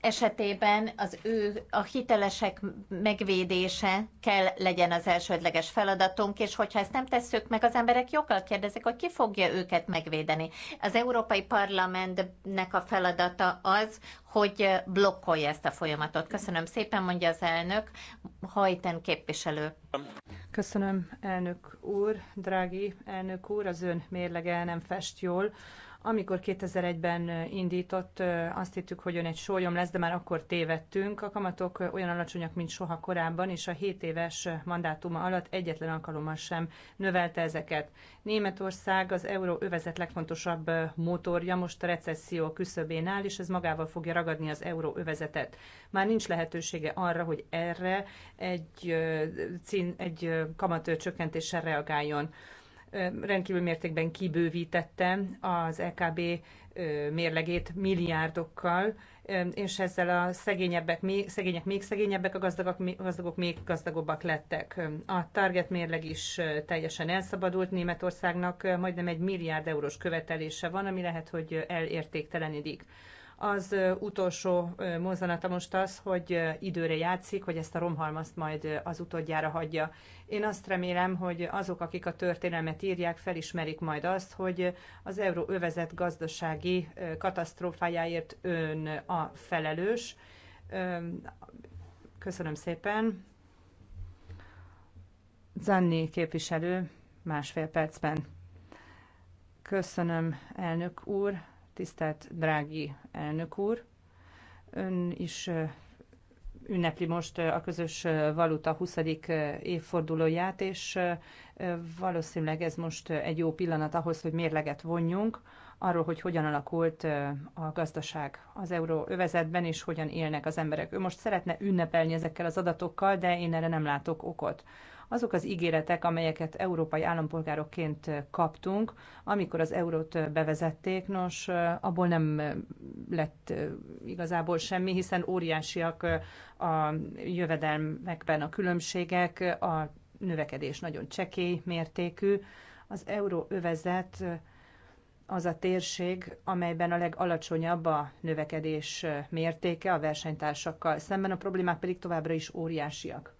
esetében az ő a hitelesek megvédése kell legyen az elsődleges feladatunk, és hogyha ezt nem tesszük meg, az emberek joggal kérdezik, hogy ki fogja őket megvédeni. Az Európai Parlamentnek a feladata az, hogy blokkolja ezt a folyamatot. Köszönöm szépen, mondja az elnök, hajten képviselő. Köszönöm, elnök úr, drági elnök úr, az ön mérlege nem fest jól amikor 2001-ben indított, azt hittük, hogy ön egy sólyom lesz, de már akkor tévedtünk. A kamatok olyan alacsonyak, mint soha korábban, és a 7 éves mandátuma alatt egyetlen alkalommal sem növelte ezeket. Németország az euró övezet legfontosabb motorja most a recesszió küszöbén áll, és ez magával fogja ragadni az euró övezetet. Már nincs lehetősége arra, hogy erre egy, egy kamat csökkentéssel reagáljon rendkívül mértékben kibővítette az LKB e mérlegét milliárdokkal, és ezzel a szegényebbek, szegények még szegényebbek, a gazdagok, a gazdagok még gazdagobbak lettek. A target mérleg is teljesen elszabadult Németországnak, majdnem egy milliárd eurós követelése van, ami lehet, hogy elértéktelenedik. Az utolsó mozzanata most az, hogy időre játszik, hogy ezt a romhalmazt majd az utódjára hagyja. Én azt remélem, hogy azok, akik a történelmet írják, felismerik majd azt, hogy az euró övezet gazdasági katasztrófájáért ön a felelős. Köszönöm szépen. Zanni képviselő másfél percben. Köszönöm, elnök úr. Tisztelt drági elnök úr, ön is ünnepli most a közös valuta 20. évfordulóját, és valószínűleg ez most egy jó pillanat ahhoz, hogy mérleget vonjunk arról, hogy hogyan alakult a gazdaság az euróövezetben, és hogyan élnek az emberek. Ő most szeretne ünnepelni ezekkel az adatokkal, de én erre nem látok okot. Azok az ígéretek, amelyeket európai állampolgárokként kaptunk, amikor az eurót bevezették, nos, abból nem lett igazából semmi, hiszen óriásiak a jövedelmekben a különbségek, a növekedés nagyon csekély mértékű. Az euróövezet az a térség, amelyben a legalacsonyabb a növekedés mértéke a versenytársakkal szemben, a problémák pedig továbbra is óriásiak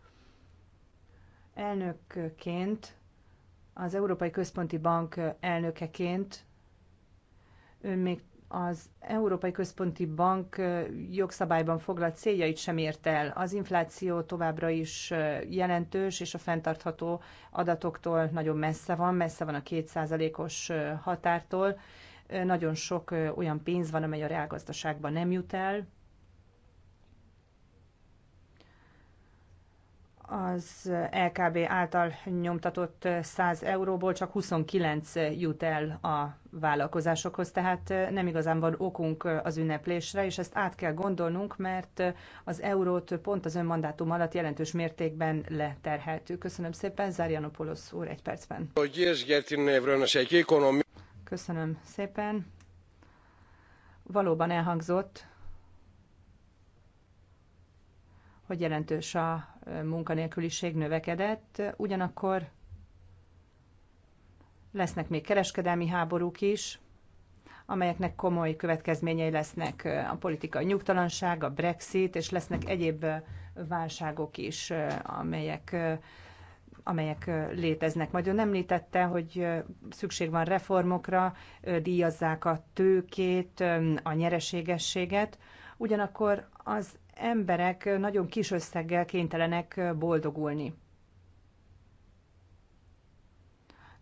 elnökként, az Európai Központi Bank elnökeként, ő még az Európai Központi Bank jogszabályban foglalt céljait sem ért el. Az infláció továbbra is jelentős, és a fenntartható adatoktól nagyon messze van, messze van a kétszázalékos határtól. Nagyon sok olyan pénz van, amely a reálgazdaságban nem jut el, az LKB által nyomtatott 100 euróból csak 29 jut el a vállalkozásokhoz, tehát eh, nem igazán van okunk az ünneplésre, és ezt át kell gondolnunk, mert eh, az eurót pont az önmandátum alatt jelentős mértékben leterheltük. Köszönöm szépen, Zárjanopoulos úr egy percben. Köszönöm szépen. Valóban elhangzott, hogy jelentős a munkanélküliség növekedett, ugyanakkor lesznek még kereskedelmi háborúk is, amelyeknek komoly következményei lesznek a politikai nyugtalanság, a Brexit, és lesznek egyéb válságok is, amelyek amelyek léteznek. Majd ön említette, hogy szükség van reformokra, díjazzák a tőkét, a nyereségességet, ugyanakkor az emberek nagyon kis összeggel kénytelenek boldogulni.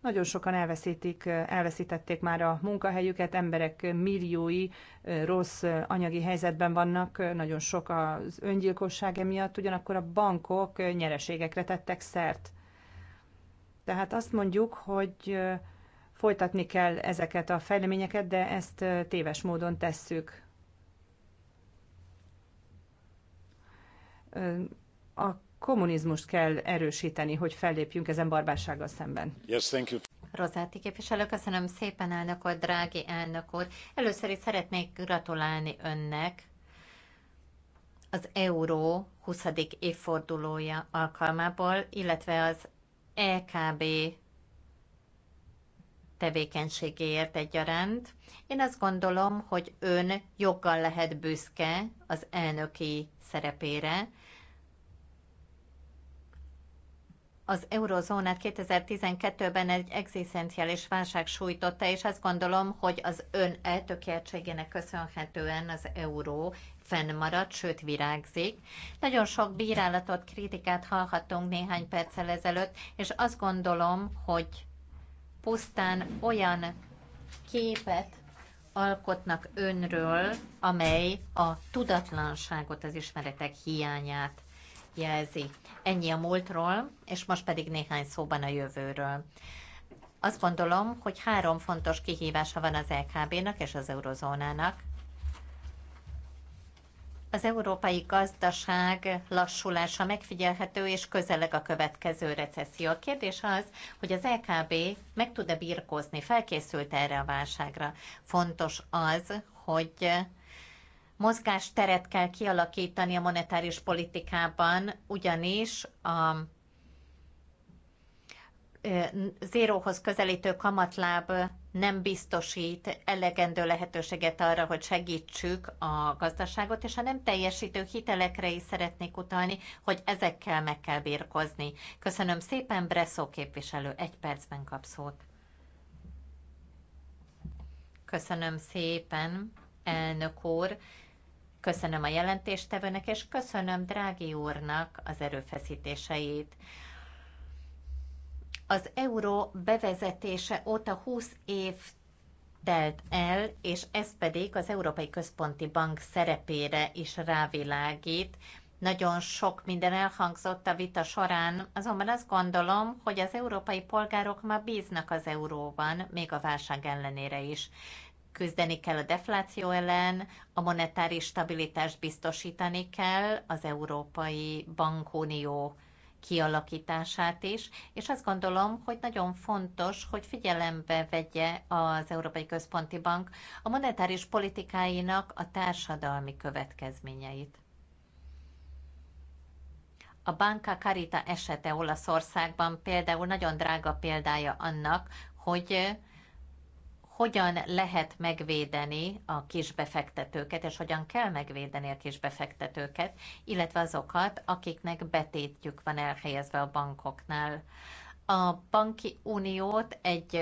Nagyon sokan elveszítik, elveszítették már a munkahelyüket, emberek milliói rossz anyagi helyzetben vannak, nagyon sok az öngyilkosság emiatt, ugyanakkor a bankok nyereségekre tettek szert. Tehát azt mondjuk, hogy folytatni kell ezeket a fejleményeket, de ezt téves módon tesszük. a kommunizmust kell erősíteni, hogy fellépjünk ezen barbársággal szemben. Yes, thank you. Rozáti képviselő, köszönöm szépen elnök úr, drági elnök úr. Először is szeretnék gratulálni önnek az euró 20. évfordulója alkalmából, illetve az EKB tevékenységéért egyaránt. Én azt gondolom, hogy ön joggal lehet büszke az elnöki szerepére, az eurozónát 2012-ben egy egzisztenciális válság sújtotta, és azt gondolom, hogy az ön eltökéltségének köszönhetően az euró fennmaradt, sőt virágzik. Nagyon sok bírálatot, kritikát hallhattunk néhány perccel ezelőtt, és azt gondolom, hogy pusztán olyan képet alkotnak önről, amely a tudatlanságot, az ismeretek hiányát jelzi. Ennyi a múltról, és most pedig néhány szóban a jövőről. Azt gondolom, hogy három fontos kihívása van az LKB-nak és az eurozónának. Az európai gazdaság lassulása megfigyelhető és közeleg a következő recesszió. A kérdés az, hogy az LKB meg tud-e birkózni, felkészült erre a válságra. Fontos az, hogy mozgásteret kell kialakítani a monetáris politikában, ugyanis a zéróhoz közelítő kamatláb nem biztosít elegendő lehetőséget arra, hogy segítsük a gazdaságot, és a nem teljesítő hitelekre is szeretnék utalni, hogy ezekkel meg kell bírkozni. Köszönöm szépen, Bresszó képviselő, egy percben kap szót. Köszönöm szépen, elnök úr. Köszönöm a jelentéstevőnek, és köszönöm Drági úrnak az erőfeszítéseit. Az euró bevezetése óta 20 év telt el, és ez pedig az Európai Központi Bank szerepére is rávilágít. Nagyon sok minden elhangzott a vita során, azonban azt gondolom, hogy az európai polgárok már bíznak az euróban, még a válság ellenére is küzdeni kell a defláció ellen, a monetáris stabilitást biztosítani kell, az Európai Bankunió kialakítását is, és azt gondolom, hogy nagyon fontos, hogy figyelembe vegye az Európai Központi Bank a monetáris politikáinak a társadalmi következményeit. A Banca Carita esete Olaszországban például nagyon drága példája annak, hogy hogyan lehet megvédeni a kisbefektetőket, és hogyan kell megvédeni a kisbefektetőket, illetve azokat, akiknek betétjük van elhelyezve a bankoknál. A banki uniót egy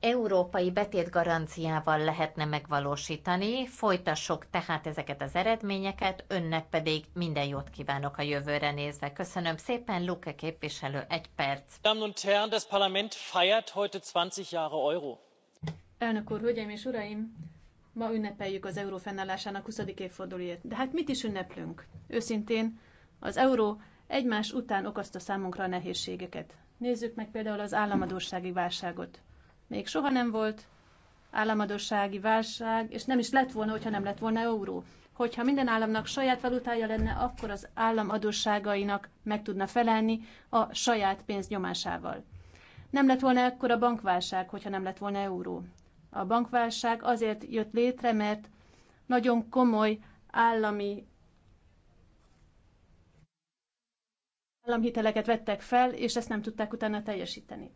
európai betétgaranciával lehetne megvalósítani. Folytassuk tehát ezeket az eredményeket, önnek pedig minden jót kívánok a jövőre nézve. Köszönöm szépen, Luke képviselő, egy perc. Damen und Herren, das Parlament feiert heute 20 Jahre Euro Elnök úr, hölgyeim és uraim, ma ünnepeljük az euró fennállásának 20. évfordulóját. De hát mit is ünneplünk? Őszintén, az euró egymás után okozta számunkra a nehézségeket. Nézzük meg például az államadósági válságot. Még soha nem volt államadósági válság, és nem is lett volna, hogyha nem lett volna euró. Hogyha minden államnak saját valutája lenne, akkor az állam adósságainak meg tudna felelni a saját pénz nyomásával. Nem lett volna ekkora bankválság, hogyha nem lett volna euró. A bankválság azért jött létre, mert nagyon komoly állami államhiteleket vettek fel, és ezt nem tudták utána teljesíteni.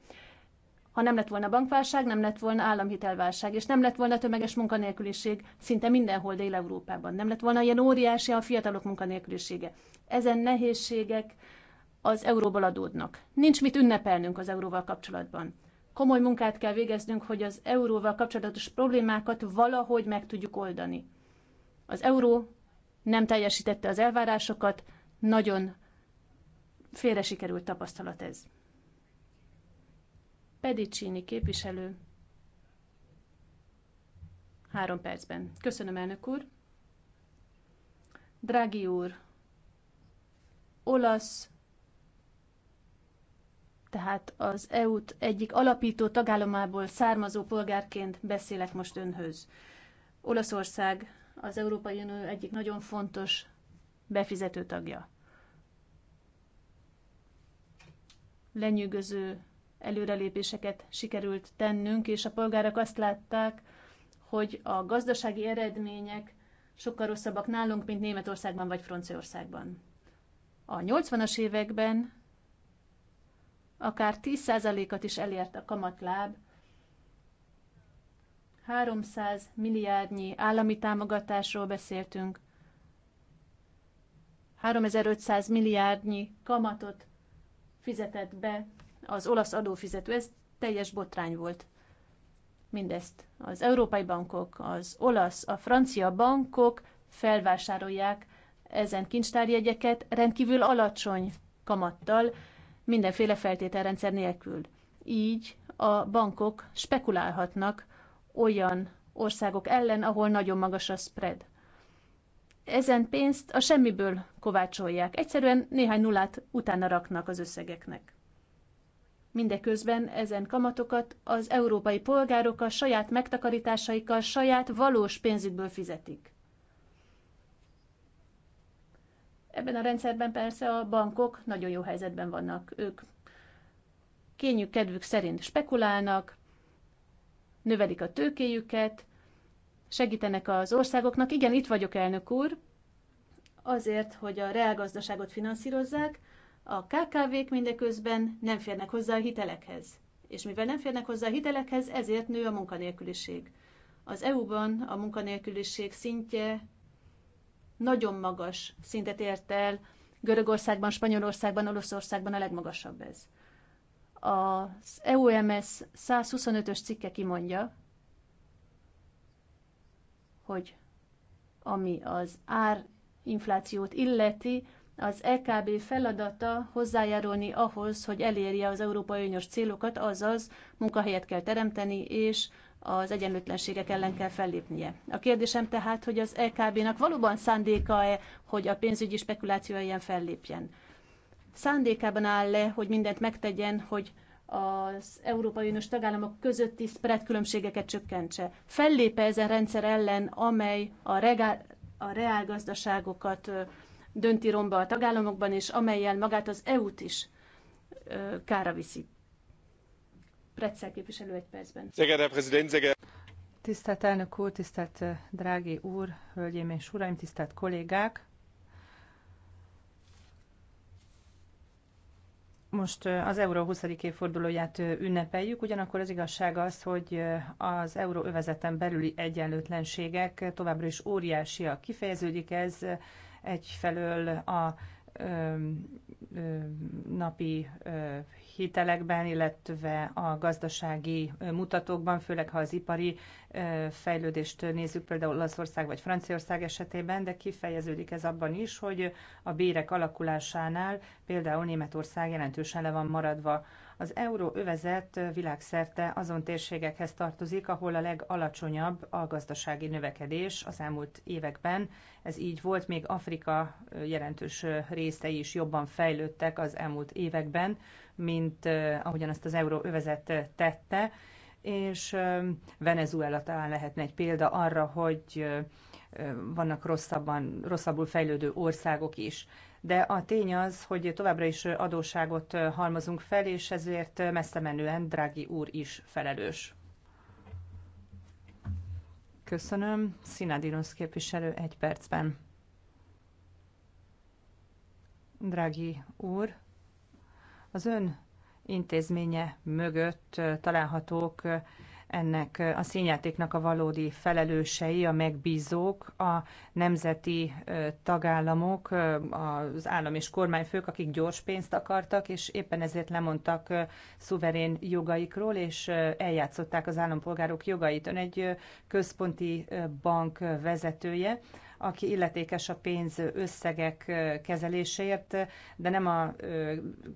Ha nem lett volna bankválság, nem lett volna államhitelválság, és nem lett volna tömeges munkanélküliség szinte mindenhol Dél-Európában. Nem lett volna ilyen óriási a fiatalok munkanélkülisége. Ezen nehézségek az euróból adódnak. Nincs mit ünnepelnünk az euróval kapcsolatban komoly munkát kell végeznünk, hogy az euróval kapcsolatos problémákat valahogy meg tudjuk oldani. Az euró nem teljesítette az elvárásokat, nagyon félre sikerült tapasztalat ez. Pedicini képviselő. Három percben. Köszönöm, elnök úr. Drági úr, olasz tehát az EU-t egyik alapító tagállamából származó polgárként beszélek most önhöz. Olaszország az Európai Unió egyik nagyon fontos befizető tagja. Lenyűgöző előrelépéseket sikerült tennünk, és a polgárok azt látták, hogy a gazdasági eredmények sokkal rosszabbak nálunk, mint Németországban vagy Franciaországban. A 80-as években akár 10%-at is elért a kamatláb. 300 milliárdnyi állami támogatásról beszéltünk, 3500 milliárdnyi kamatot fizetett be az olasz adófizető. Ez teljes botrány volt. Mindezt az európai bankok, az olasz, a francia bankok felvásárolják ezen kincstárjegyeket rendkívül alacsony kamattal, mindenféle feltételrendszer nélkül. Így a bankok spekulálhatnak olyan országok ellen, ahol nagyon magas a spread. Ezen pénzt a semmiből kovácsolják. Egyszerűen néhány nullát utána raknak az összegeknek. Mindeközben ezen kamatokat az európai polgárok a saját megtakarításaikkal, saját valós pénzükből fizetik. Ebben a rendszerben persze a bankok nagyon jó helyzetben vannak. Ők kényük kedvük szerint spekulálnak, növelik a tőkéjüket, segítenek az országoknak. Igen, itt vagyok, elnök úr, azért, hogy a reálgazdaságot finanszírozzák, a KKV-k mindeközben nem férnek hozzá a hitelekhez. És mivel nem férnek hozzá a hitelekhez, ezért nő a munkanélküliség. Az EU-ban a munkanélküliség szintje nagyon magas szintet ért el, Görögországban, Spanyolországban, Olaszországban a legmagasabb ez. Az EUMS 125-ös cikke kimondja, hogy ami az árinflációt illeti, az EKB feladata hozzájárulni ahhoz, hogy elérje az Európai Uniós célokat, azaz munkahelyet kell teremteni, és az egyenlőtlenségek ellen kell fellépnie. A kérdésem tehát, hogy az lkb e nak valóban szándéka-e, hogy a pénzügyi spekuláció ilyen fellépjen? Szándékában áll-e, hogy mindent megtegyen, hogy az Európai Uniós tagállamok közötti spread különbségeket csökkentse? Fellépe ezen rendszer ellen, amely a, regál, a reálgazdaságokat dönti romba a tagállamokban, és amelyel magát az EU-t is kára viszi? Pretzel képviselő egy percben. Tisztelt elnök úr, tisztelt eh, drági úr, hölgyeim és uraim, tisztelt kollégák! Most eh, az euró 20. évfordulóját eh, ünnepeljük, ugyanakkor az igazság az, hogy az euróövezeten belüli egyenlőtlenségek továbbra is óriásiak. Kifejeződik ez egyfelől a napi hitelekben, illetve a gazdasági mutatókban, főleg ha az ipari fejlődést nézzük, például Olaszország vagy Franciaország esetében, de kifejeződik ez abban is, hogy a bérek alakulásánál például Németország jelentősen le van maradva az euróövezet világszerte azon térségekhez tartozik, ahol a legalacsonyabb a gazdasági növekedés az elmúlt években. Ez így volt, még Afrika jelentős részei is jobban fejlődtek az elmúlt években, mint eh, ahogyan azt az euróövezet tette és eh, Venezuela talán lehetne egy példa arra, hogy eh, vannak rosszabban, rosszabbul fejlődő országok is. De a tény az, hogy továbbra is adósságot halmozunk fel, és ezért messze menően Drági úr is felelős. Köszönöm. Szinadinusz képviselő egy percben. Drági úr, az ön intézménye mögött találhatók ennek a színjátéknak a valódi felelősei, a megbízók, a nemzeti tagállamok, az állam és kormányfők, akik gyors pénzt akartak, és éppen ezért lemondtak szuverén jogaikról, és eljátszották az állampolgárok jogait. Ön egy központi bank vezetője, aki illetékes a pénz összegek kezeléséért, de nem a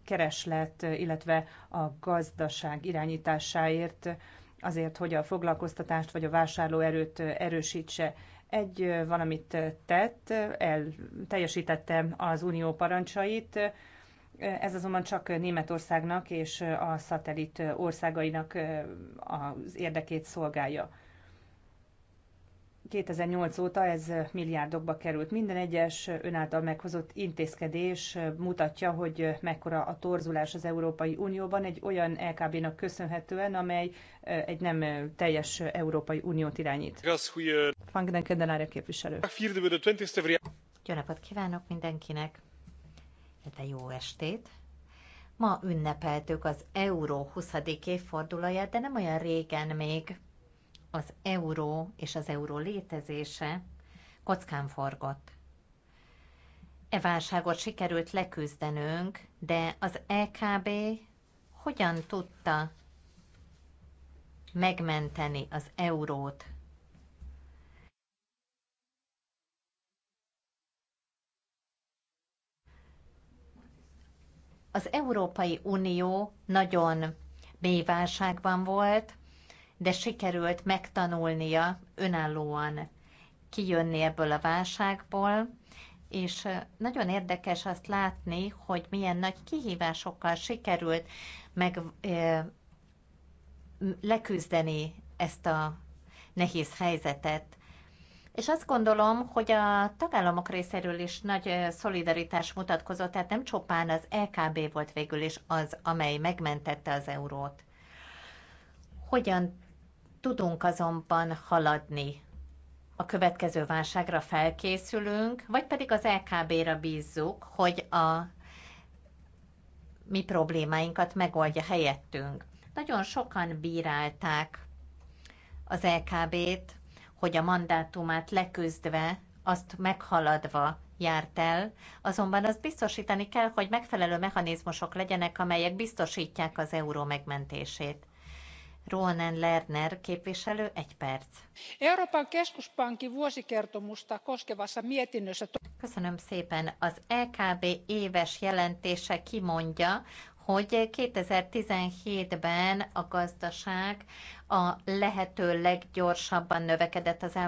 kereslet, illetve a gazdaság irányításáért azért, hogy a foglalkoztatást vagy a vásárlóerőt erősítse. Egy valamit tett, el, teljesítette az unió parancsait, ez azonban csak Németországnak és a szatellit országainak az érdekét szolgálja. 2008 óta ez milliárdokba került. Minden egyes önáltal meghozott intézkedés mutatja, hogy mekkora a torzulás az Európai Unióban egy olyan LKB-nak köszönhetően, amely egy nem teljes Európai Uniót irányít. Fangden Kendenára képviselő. Jó napot kívánok mindenkinek! De jó estét! Ma ünnepeltük az Euró 20. évfordulóját, de nem olyan régen még az euró és az euró létezése kockán forgott. E válságot sikerült leküzdenünk, de az EKB hogyan tudta megmenteni az eurót? Az Európai Unió nagyon mély válságban volt, de sikerült megtanulnia önállóan kijönni ebből a válságból, és nagyon érdekes azt látni, hogy milyen nagy kihívásokkal sikerült meg leküzdeni ezt a nehéz helyzetet. És azt gondolom, hogy a tagállamok részéről is nagy szolidaritás mutatkozott, tehát nem csupán az LKB volt végül is az, amely megmentette az eurót. Hogyan Tudunk azonban haladni. A következő válságra felkészülünk, vagy pedig az LKB-ra bízzuk, hogy a mi problémáinkat megoldja helyettünk. Nagyon sokan bírálták az LKB-t, hogy a mandátumát leküzdve, azt meghaladva járt el, azonban azt biztosítani kell, hogy megfelelő mechanizmusok legyenek, amelyek biztosítják az euró megmentését. Ruonen Lerner képviselő, egy perc. Euroopan keskuspankin vuosikertomusta koskevassa mietinnössä... Köszönöm szépen. Az EKB éves jelentése kimondja, hogy 2017-ben a gazdaság a lehető leggyorsabban növekedett az elmúlt